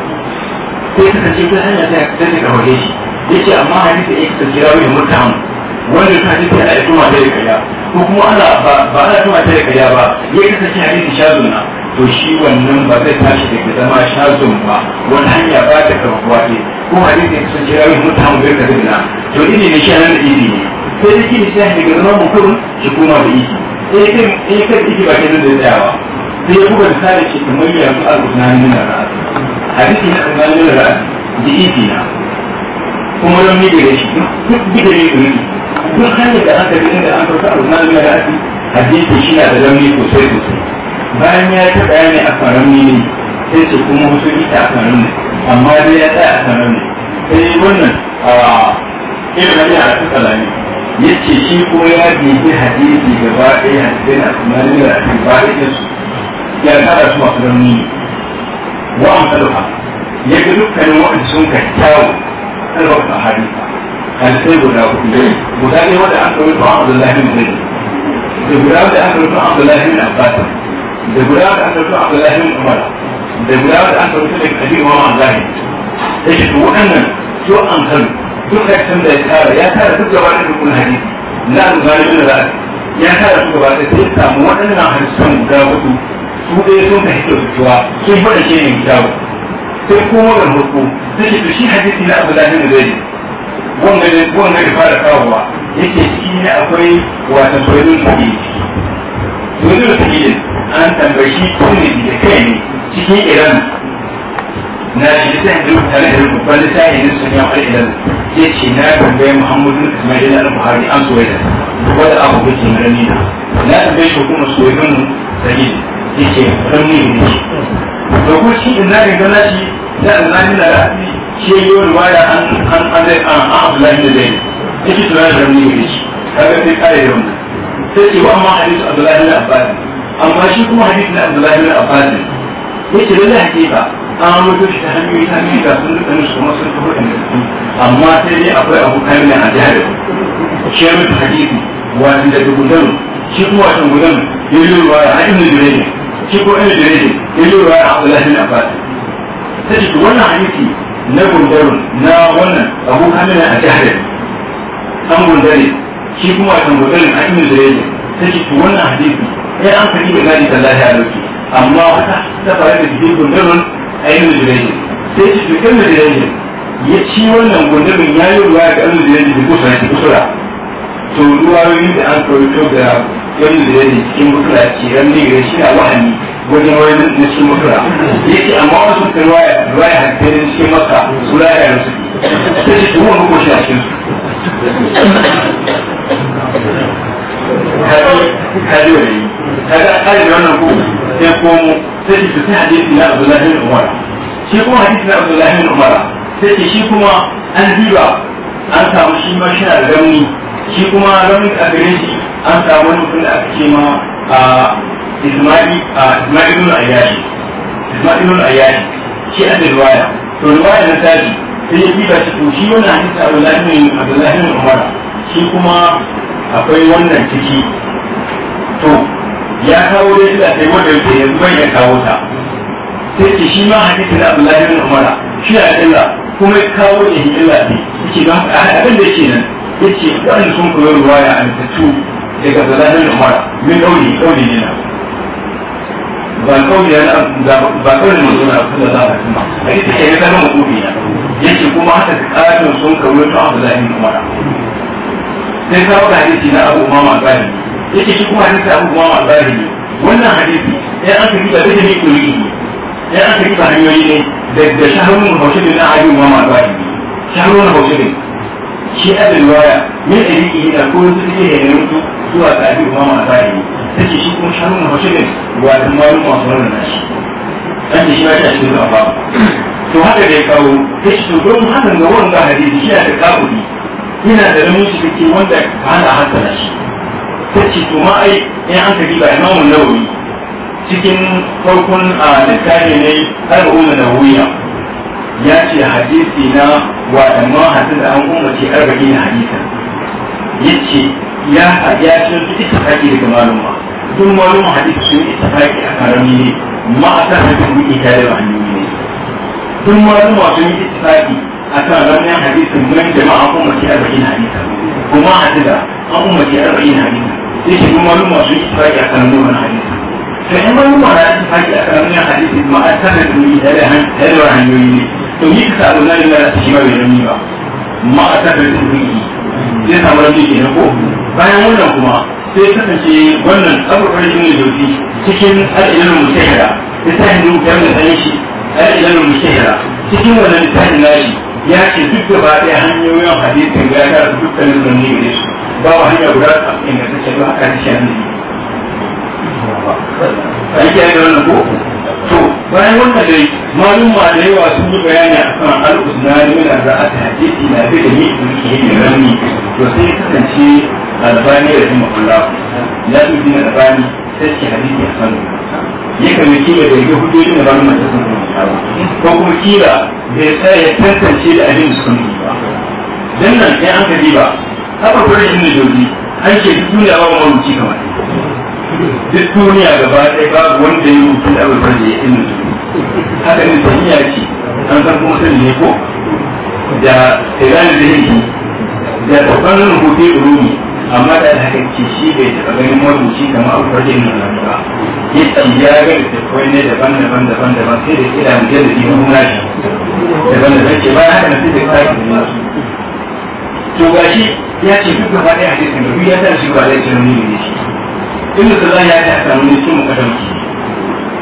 sai kasance ta hanya ta ta ta kawo shi yake amma hadisi ne ta kira mai mutan wanda ta ji ta da ta da kaya ko kuma ana ba ba ana ta da kaya ba ya kasance hadisi shazun na to shi wannan ba zai tashi daga zama shazun ba wani hanya ba ta karbuwa ke ko hadisi ne ta kira mai mutan bai ka na to ini ne shi nan da ini ne sai da kini sai daga zama mutum shi kuma da iki sai kai kai iki ba zai da tsayawa sai ya buga misali ce kamar yanzu al-Qur'ani na ra'a hadisi na al-Qur'ani na ra'a da iki na kuma nan miji da shi duk gida ne da miji duk hanyar da aka bi da an farka abu na lura da ake hadisi shi na da launi sosai sosai bayan ya ta ne a faran ne sai ce kuma wasu ita a faran ne amma dai ya tsaya a faran ne sai wannan a ilimin ya rasu kalami ya ce shi ko ya bibi hadisi gaba ɗaya hadisin a kuma lura da ba da su ya kara su a faran ne wa'an kalufa ya ga dukkanin waɗanda sun ka kyawu aksarwa a guda hudu guda ne wanda aka a Abdullahi bin da guda wanda aka rubuta a Abdullahi bin Abbas da guda wanda aka rubuta a Abdullahi bin Umar da guda wanda aka rubuta daga Abi Umar Azari da shi to waɗannan to an kan duk hadisin da ya tara ya tara duk gaba da dukkan hadisi na Bukhari bin Razi ya tara su gaba da sai samu waɗannan hadisan guda hudu su dai sun fahimta su cewa sun faɗa shi ne sai kuma da mutu sai to shi hadisi na abu lahi zai wanda ne wanda ya fara kawowa yake shi ne akwai wata soyayyar da soyayyar yin an tambayi shi tuni da kai ne cikin iran na shi da sai duk tare da rubutu da sai yin sun ya fara iran ya ce na tambayi muhammadu ismail al-buhari an soyayya wanda abu da ke marani na na tambayi shi kuma soyayyar sahihi yake ranni ne da kuma shi in ga na sannan da rafi shi ya yi wani waya an an an zai an an abdullahi da zai ya ci tunanin da wani yake shi kaga sai kare da wannan sai ce wa amma hadisu abdullahi da abbas amma shi kuma hadisu na abdullahi da abbas ya ce lallai hakika an rubuto shi ta hanyoyi ta hanyoyi ga sun dukkanin su kuma sun tafi inda su amma sai dai akwai abu kamila a jihar shi ya mutu hadisi wani da gudan shi kuma wata gudan ya yi ruwa a ibn jirage shi ko ibn jirage ya yi ruwa a abdullahi da abbas sai shi wannan hadisi na gundarun na wannan abu kamila a jihar an gundare shi kuma a gundarin a imin da yake sai shi wannan hadisi sai an fadi da gani tallahi a lauki amma wata ta fara da jikin gundarun a imin da yake sai shi dukkan da yake ya ci wannan gundarin ya yi ruwa ga imin da yake da kusa da kusura to ruwa da an kawo da imin da yake cikin kusa da cikin ne shi a wahani wajen wani na cikin makara yake amma wasu ka ruwaya ruwaya hankalin cikin maka su ruwaya ya rusu ta ce tuwon shi a cikin su kaji wani kaga kaji da wannan ko sai komo sai su sai hadisi na abdullahi bin umar shi kuma hadisi na abdullahi bin umar sai ce shi kuma an diba an samu shi ma shi na da rauni shi kuma rauni a gare shi an samu wani mutum da aka ce ma isma'il isma'ilul ayyari isma'ilul ayyari shi a riwaya to riwaya na tashi sai ya kiba shi shi wannan hadisi Abdullahi bin Abdullahi na Umar shi kuma akwai wannan ciki to ya kawo dai ila sai wanda yake yanzu bai ya kawo ta sai ce shi ma hadisi da Abdullahi na Umar shi a illa kuma ya kawo ne illa ne yake ga abin da yake nan yace wanda sun koyi ruwaya an tatu daga zalahin umar min kauli kauli ne na ba kauli na ba kauli mun zuwa kun da zaka kuma a ita ke da mu kubi na yake kuma haka karatun sun kawo to abu zalahin umar sai ka ga hadisi na abu umama gari yake shi kuma hadisi abu mama gari wannan hadisi sai an tafi da dake ko yi sai an tafi hanyoyi ne da shahrun haushidin na abu umama gari shahrun ne. shi waya min aliki da ko su ne ne mutu zuwa ga abin ruwa ma zahiri ta ce shi kuma shanu na hushe ne ruwa da malum masu na shi. an ce shi ba ta a ba to haka da ya kawo ta ce to don hakan ga wanda hadisi shi da kaburi yana da ramin shi da ke wanda ba na hankala shi ta ce to ma ai in an ka ba imamun nawawi cikin farkon a littafi ne arba'una umar wuya ya ce hadisi na wa amma hadisi an umarci arba'in hadisi yace ya ya ce su ita ittifaqi daga Ma duk malumma hadisi sun ittifaqi a karami ne ma a kan hadin wiki tare da hanyoyi ne duk malumma sun ittifaqi a kan ranar hadisin mun jama'a kuma ke arba'in hadisa kuma hadisa an kuma ke arba'in hadisa sai shi duk malumma sun ittifaqi a kan ranar hadisi to in Ma na ittifaqi a kan ranar hadisi ma a kan hadin wiki tare da hanyoyi ne to yi ka na sa da shi ba bai rami ba ma a kan hadin wiki zai samu rami na ko bayan wannan kuma sai kasance wannan abubuwan yin da dauki cikin al'ilan mutahira littafin da mutum da sanin shi al'ilan mushahara cikin wannan littafin nashi ya ce duk da ba ɗaya hanyoyin hadisin ya tara dukkanin zanni gare su ba wa hanyar guda a ingantacce ba a kan shi yanzu. Aiki ya ga wannan ko? to bayan wannan dai malum ma da yawa sun yi bayani a kan al-usnani min al-ra'at hadisi na bi da yake yake rami to sai kasance albani da kuma Allah ya yi din albani sai ke hadisi a kan ya kan yi da yake hujjoji da malum da sun ko kuma kila bai sai ya tantance da abin sun yi ba dan nan sai an ka diba haka gurin ne jobi an ce duniya ba mu ci kamar duk duniya gaba ɗaya babu wanda ya rubuta da abin farji ya ilmi haka ne sahiya ce an san kuma sani ne ko da tirani da yake da nan rubutu da rumi amma da haka ce shi bai taɓa ganin marubuci kamar abin farji ne na ba ya tsambiya ga littattafai ne daban-daban daban-daban sai da kira mu yadda ne nuna shi daban-daban ce bayan haka na sai da kira mu nuna su to gashi ya ce duk gaba ɗaya hadisin da duk ya tashi gaba ɗaya ce na nuni ne shi inda da za ya ta samu mu cikin mukaddam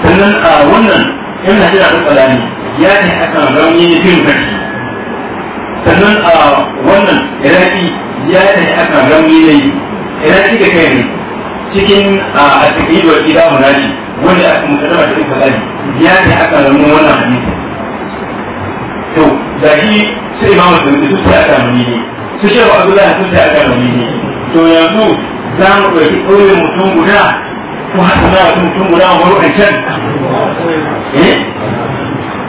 sannan a wannan yan najeriya da tsalani ya ta ta samu rauni ne cikin mukaddam sannan a wannan iraki ya ta ta samu rauni ne iraki da kai ne cikin a cikin yiwuwar gida munaji wanda aka mukaddama da tsalani ya ta ta samu wannan hadisi to da shi sai imamu da su ta samu ne su shehu abdullahi sun ta samu ne to yanzu za mu ɗauki ƙauyen mutum guda ko haka za a mutum guda eh? a wani can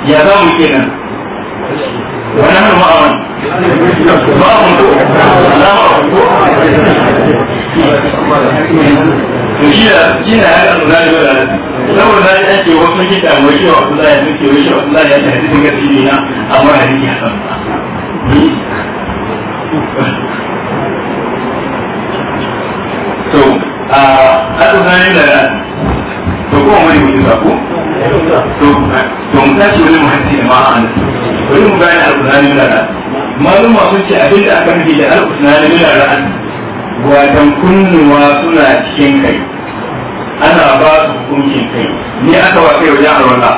ya za mu kenan wani hannu ba a mutu za mu to shi da shi na ya ɗan zai da saboda ce wasu shi mai ce gaskiya na amma ba Ah, a kasu sanin da nan to kuma wani mutum ba ko to to mu tashi wani muhanci ma an wani mu gane alƙur'ani da nan maluma sun ce abin da aka nufi da alƙur'ani da nan watan kunnuwa suna cikin kai ana ba su hukuncin kai ni aka wa kai wajen alwala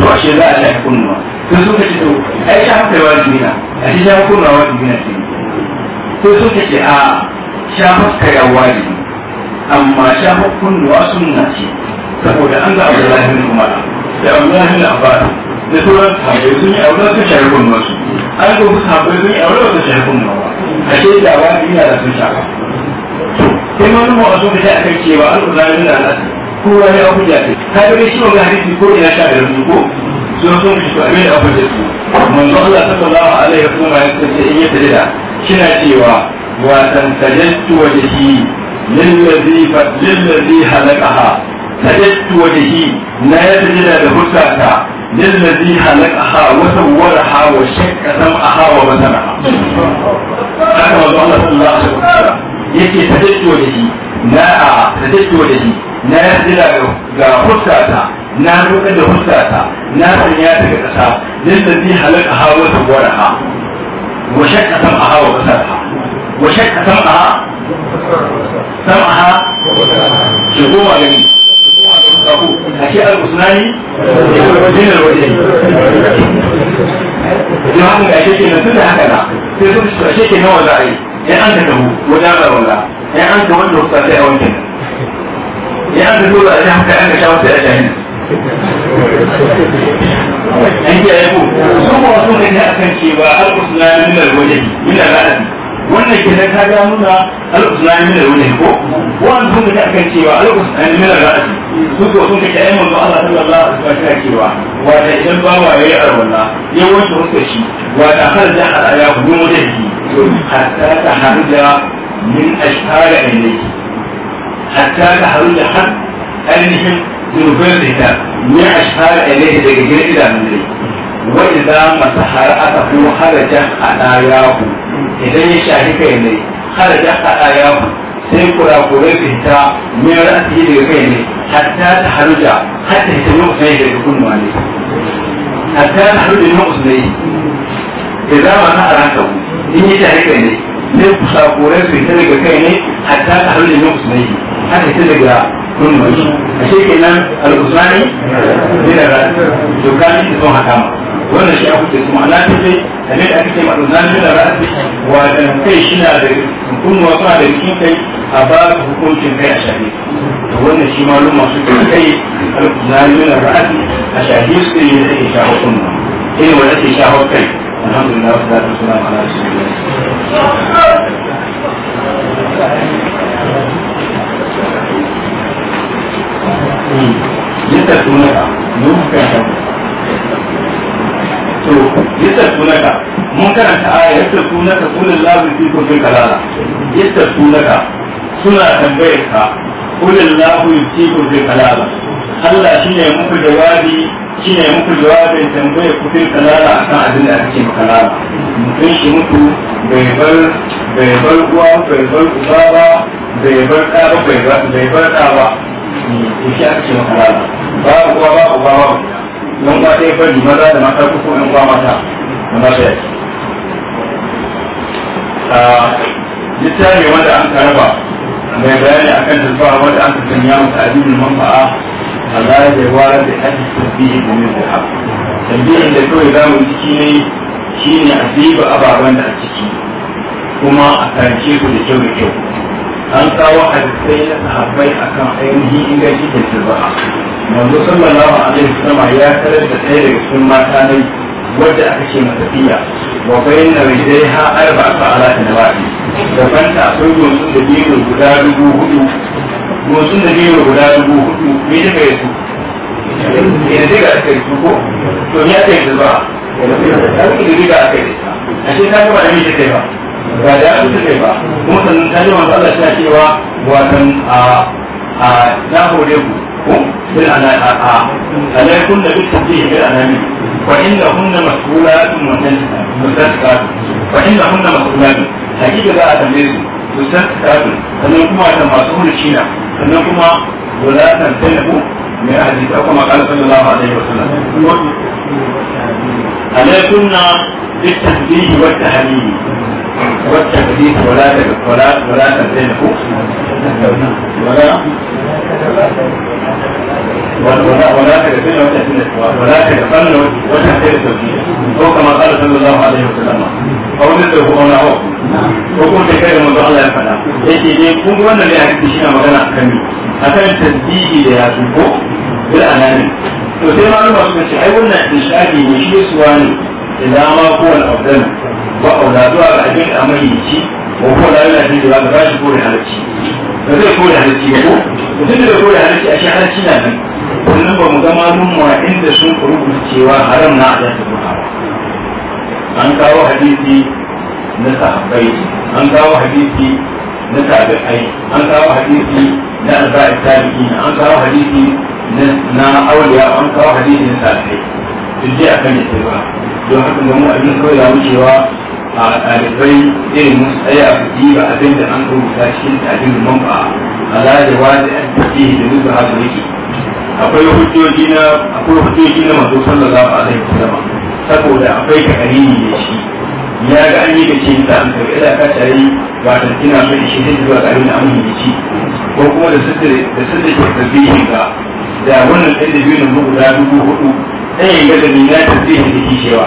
to ashe za a shafi kunnuwa sun suka ce to ai shafi kai wajibi na ashe shafi kunnuwa wajibi na ce sai suka ce a shafi kai wajibi amma shafar kunnuwa sunna ce saboda an ga abdullahi bin umar da abdullahi bin abbas da sauran sahabbai sun yi aure sun shari'a kunnuwa wasu an ga wasu sahabbai sun yi aure sun shari'a kunnuwa a ce da ba a da sun shafa sai ma nuna wasu da ta kai cewa al'ulamin da al'asir kowa ya abu da ta ga shi wanga hadisi ko ina sha da rubu ko sun sun shi ba mai abu da su manzo Allah sallallahu alaihi wasallam ya ce in ya tada shina cewa wa tan tajattu wajhi lillazi fa lillazi halaqaha sajadtu wajhi na da husata na sajadtu wajhi na ga roƙa da husata na sanya ta ga ƙasa hawa halaqaha wa sawwaraha wa shakka wa basaraha wa shakka سمعها شكوما جميل أشياء الأسنان من الوجهين جمعهم أشياء من كل هكذا تقول أشياء نوع ذلك يا أنت له ولا ولا يا أنت وأنت تستطيع وأنت يا أنت تقول أشياء حتى أنك شاوت أشياء أنت يقول ثم رسول الله أكن شيء والأسنان من الوجهين من البلد wannan ke nan kaga nuna al-usman min al-wajh ko wannan sun da kan cewa al-usman min al-ra'si su ko sun kace ayyan manzo Allah sallallahu alaihi wasallam cewa wanda idan ba wa yayi arwala ya wuce wuce shi wanda har da alaya gudun wajen shi hatta ta harja min ashara ilayhi hatta ta harja har ainihin zurfin da ta min ashara ilayhi daga gidan idanun dai وإذا مسحر أته خرج أناياه إذا يشاهد كيني خرج أناياه sai kurakurai su hita mai ra'asi daga kai ne hatta ta haruja hatta hita mai usai daga kunnuwa ne hatta ta haruja mai usai da zama na araka in yi tare kai ne sai kurakurai su hita daga kai ne hatta a shekinan al-usmani da wannan shi aku su ma'ana ta ce kamar da aka ce ma'ana na nuna ra'asi wadan kai shi na da hukumar suna da rikin kai a ba hukuncin kai a shafi to wannan shi ma lumma su kai na nuna ra'asi a shafi su kai da ake shafa kunna irin wanda ake shafa kai alhamdulillah wasu zafi suna ma'ana su ne yadda suna ka nuna kan shafa to yastafunaka mun karanta aya yastafunaka kullu lahu fi kulli kalala yastafunaka suna tambayar ka kullu lahu fi kulli kalala Allah shine muku jawabi shine muku jawabin tambayar ku fil kalala akan abin da ake kalala. mutum shi mutu bai bar bai bar uwa bai bar uba ba bai bar ɗa ba bai bar ɗa ba to shi ake makalala ba uwa ba uba ba yan uwa ɗaya fari maza da mata ko yan uwa mata da mata yaki a littafi wanda an karaba mai bayani akan tasbaha wanda an kasan ya mutu addinin manfa'a a zara da wara da hadis tasbihi da min da tasbihin da kawai zamu ciki ne shine asiba ababen da a ciki kuma a karance su da kyau da kyau an kawo hadisai na sahabbai akan ainihin inganci da tilbaha manzo sallallahu alaihi wasallam ya tarar da ɗaya daga cikin mata ne wadda aka ce mata fiya wa bayyana rijaiha arba fa ala nawabi da fanta akwai gonsun da biyu guda dubu hudu gonsun da biyu guda dubu hudu me da kai su yanzu ga aka yi su ko to ya kai tilbaha yanzu ga aka yi a ce ta gaba da miji kai ba ba da ya fita ba kuma sannan ta ji manzo Allah ta cewa watan a a na hore ku ko bil ana a a alaikum da bil tafihi bil anami fa inna hunna mas'ulatun wa mutasaqqatun fa inna hunna mas'ulatun hakika za a tambaye su mutasaqqatun sannan kuma ta masu hulci na sannan kuma wala tantalabu من أهل كما قال صلى الله عليه وسلم عليكن بالتهديد والتهليل والتحديث ولا ولا ولا تبدله ولا ولا ولا تبدله وتحديث ولا تبدله وتحديث هو كما قال صلى الله عليه وسلم أو مثله أو نحوه وكنت كيف من الله يفعل يجي دي كون وانا اللي أكيد شيء ما كان أكمل أكان تسديدي يا سبو بالأناني وزي ما أنا بقول لك أي وانا إنشاء دي يشيس واني إذا ما هو الأفضل wa aula zuwa ga abin a mayyaci wa ko la yana ji da ba shi kore halarci ba zai kore halacci ba ko mutum da kore halacci a shi halarci na nan kullum ba mu ga ma inda sun rubuta cewa haram na a zata ba an kawo hadisi na sahabbai an kawo hadisi na tabi'ai an kawo hadisi na arba'in tabi'in an kawo hadisi na auliya an kawo hadisi na tabi'ai duk dai akan ya ce ba don haka ga mu abin kawai ya wucewa a ɗalibai irin mun tsaya a kuɗi ba abin da an rubuta shi da abin da man ba a zajewa da an tafi da musu haka yake akwai hujjoji na akwai hujjoji na mazo sallallahu alaihi wasallam saboda akwai ka takarini da shi ya ga an yi da ce da an karɓi da ka tare ba ta kina so shi ne zuwa ga abin da an yi ci ko kuma da sirri da sirri ke tafiye ga da wannan ɗan da biyu na mugu da dubu hudu ɗaya ga da ni na tafiye da kishewa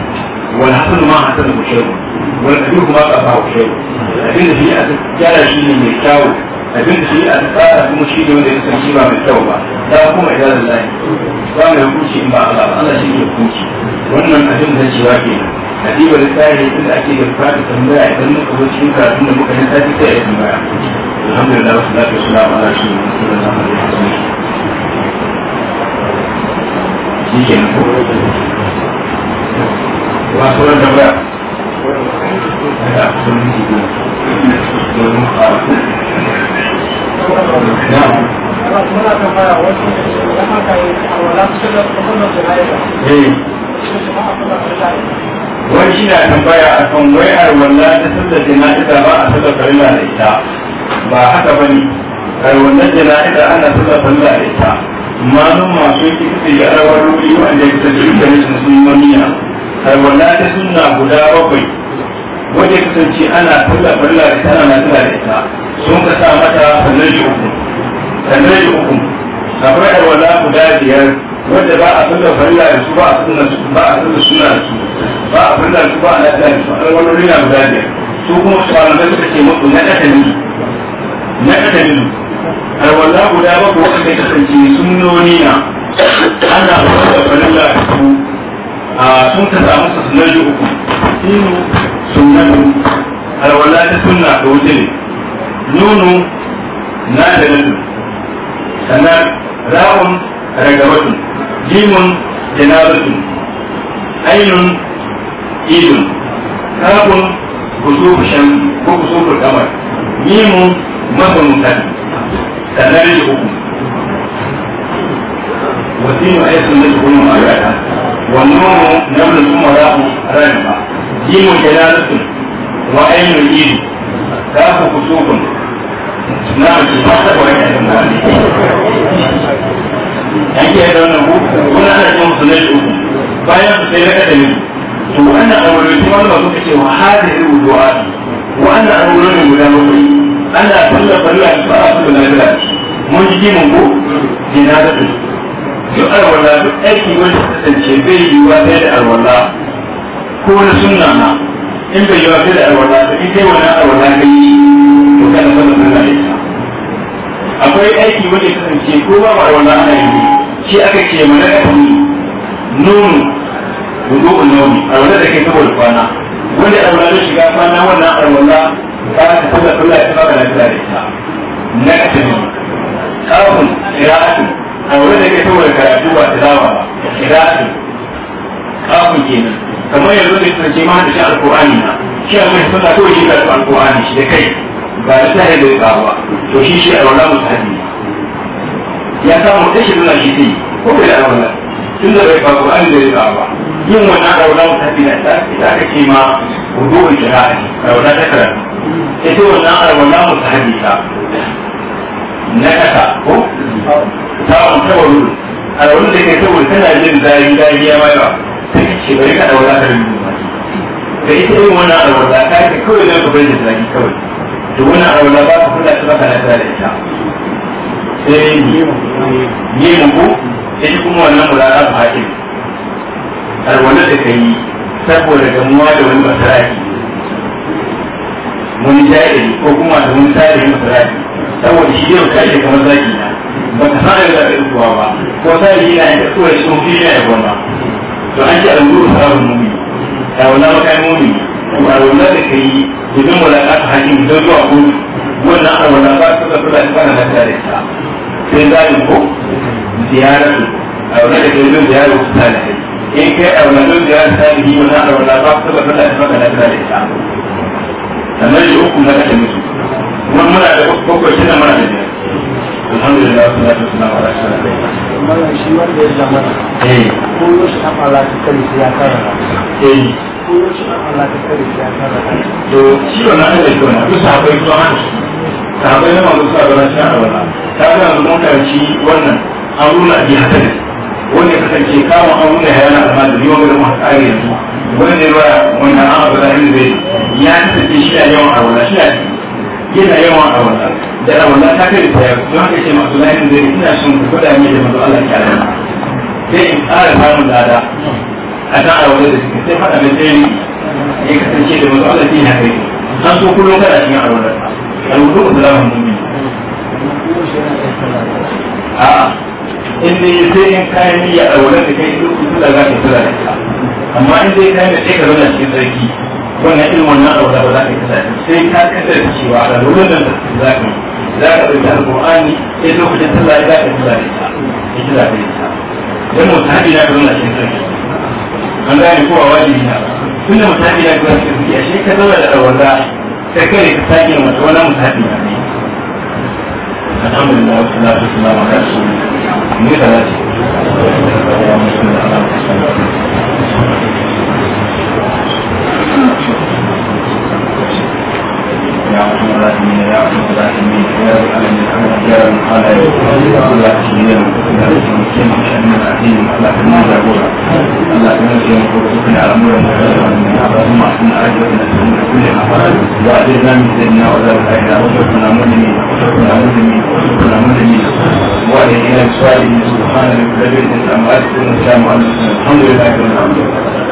ولا هتقول ما هتقول مشابه ولا تقول ما أقطع مشابه أبين في أتجارة شيء من التاو أبين في أتقار مشكلة من التنسيب من التوبة لا أقوم إلى الله قام يقول شيء ما أقطع أنا شيء يقول شيء وإنما أبين في الجواكين أجيب الإسرائيل يقول أكيد الفرق تنبع يتنمي قبل شيء فرق من المكان تاتي تاتي تنبع الحمد لله والصلاة والسلام على رسول الله صلى الله عليه وسلم 谢谢。wato wanda ba eh. wani shi na tambaya a kan wai arwalla ta sallar jana'iza ba a sallar farilla da ita ba haka ba ne arwallar jana'iza ana sallar farilla da ita malum masu yi kisa da arawar rubi wanda ya kisa da rikari sun sun maniya alwala ta sunna guda bakwai wanda kasance ana sallah farilla da tana na sallah da ita sun ka sa mata sannan shi uku sannan shi uku akwai alwala guda biyar wanda ba a sallah farilla da su ba a sunna su ba a sallah sunna su ba a farilla su ba a lafiya da su alwaloli na guda biyar su kuma su fara na suka ce mutu na ne na kasani alwala guda bakwai wanda kasance sunnoni na ana sallah farilla da su sun ka samu sassanar uku inu yi alwala ta sunna ta wuce ne nunu na da nunu sannan ra'un ragabatun jimun janabatun ainun idun kafin kusufu shan ko kusufu kamar mimun masa mutane sannan yi uku wasu yin ayyukan da su kuma ma'aikata والنور نمل ثم راء رنبا جيم جلالة وعين الإيد كاف كسوف نعم تفاصل وعين yanki ya da wannan wani ana ce musu na uku bayan su sai raka da min to wannan aurori wani ba suka ce wa hadin ruwa wannan aurori guda bakwai ana tallafa ruwa ba duk alwala duk aiki wanda kasance bai yiwuwa sai da alwala ko na sunna na in bai yiwuwa sai da alwala to in kai wannan alwala ka yi to kana fata sunna ne akwai aiki wanda kasance ko ba alwala ana yi shi aka ce mana kafin nono wudu'un nawmi alwala da kai saboda kwana wanda alwala da shiga kwana wannan alwala ba ta sallar sallah ba ka lafiya da ita na kafin kafin qira'atu a wurin da ke so mai karatu ba tilawa ba kira'atu kafin kenan kamar yanzu da sun ce mahaifi alkur'ani na shi a mai suna kawai shi karatu alkur'ani shi da kai ba da sa yadda ya ba to shi shi a wala mutane ya samu ɗan shi nuna shi zai ko bai da wala tun da bai ba alkur'ani da ya ba yin wannan a wala mutane na ta aka ce ma hudurin kira'ati a wala ta karatu ita wannan a wala mutane ta na kasa ko ta wanta wa rudu a wani da ke saboda tana jin dari dari ya mayawa ta ce bari ka daura yi rudu da ita yin wannan alwala ta ce kawai zai kubar da zaki kawai to wannan alwala ba ka kula ta baka lafiya da ita sai yi muku sai kuma wannan mulaƙa ba haƙin alwala da ka yi saboda gamuwa da wani masaraki wani jahili ko kuma da wani tarihi masa zaki saboda shi yau kashe kamar zaki na ba ka san yau zaka isuwa ba ko tarihi na yadda tsohon shi kuma fiye da gwamna to an ce alwuru sarrafin mumi a wani makai mumi ko a wani da ka yi domin mulakata hakim don zuwa gudu wannan a wala ba su ka tura ba na lafiya da sai zalin ko ziyaratu a wani da ka yi don ziyarar tarihi in kai a wani don ziyarar tarihi wani a wani ba su ka tura ba na lafiya da sannan yi uku na kashe mutu kuma muna da bakwai shi na muna da biyar alhamdulillah wasu na tattuna wa rashin na kai mana shi wanda ya zama eh. ko yoshi an ta kare sai ya kara eh ko yoshi an alaka kare sai ya kara to shi wannan ana yi wannan duk sahabbai su hana shi sahabbai na manzo sa ga rashin arwala ta ga mun karanci wannan aruna ta ne. wanda ya kasance kama an wuna ya yana kama da yawan wani masu tsari yanzu wani ne ba wanda an abu zahin zai ya kasance shi a yawan arwala shi a yana yawan da arwala ta kai da ya don ce masu layin zai ina son ku mai da masu Allah ke alama sai in samun a da suke sai faɗa mai sai ya kasance da masu Allah ke yana kai an so kullum kada cikin in dai sai in kayan niyya a wurin da kai duk su da za ka kula da ita amma in dai kayan da sai ka zauna cikin sarki wannan irin wannan abu da ba za ka kula da sai ka kasar cewa a wurin da za ka yi za ka ɗauki alƙur'ani sai lokacin sallah za ka kula da ita ya kula da ita dan mutabi na ka zauna cikin sarki an gane kowa wajibi na tun da mutabi na ka zauna cikin sarki a shi ka zauna da alwala sai kai ka sake mata wani mutabi na ne alhamdulillah wasu lafiya su lama rasu مش الراحمين يا ارحم الراحمين يا ذا العالمين الحمد يا رب العالمين الله تشهدنا وكنا نسمع السمع شأننا العظيم الله تنازع بولا الله تنازع وكنا على امور اللهم احسن اجرنا من كل حفاظ واجرنا من سيدنا وذا الحياة وشرفنا مؤمنين وشرفنا مؤمنين وشرفنا مؤمنين وعلى الى سؤال سبحان ربك رب العزة عما يصفون السلام عليكم الحمد لله رب العالمين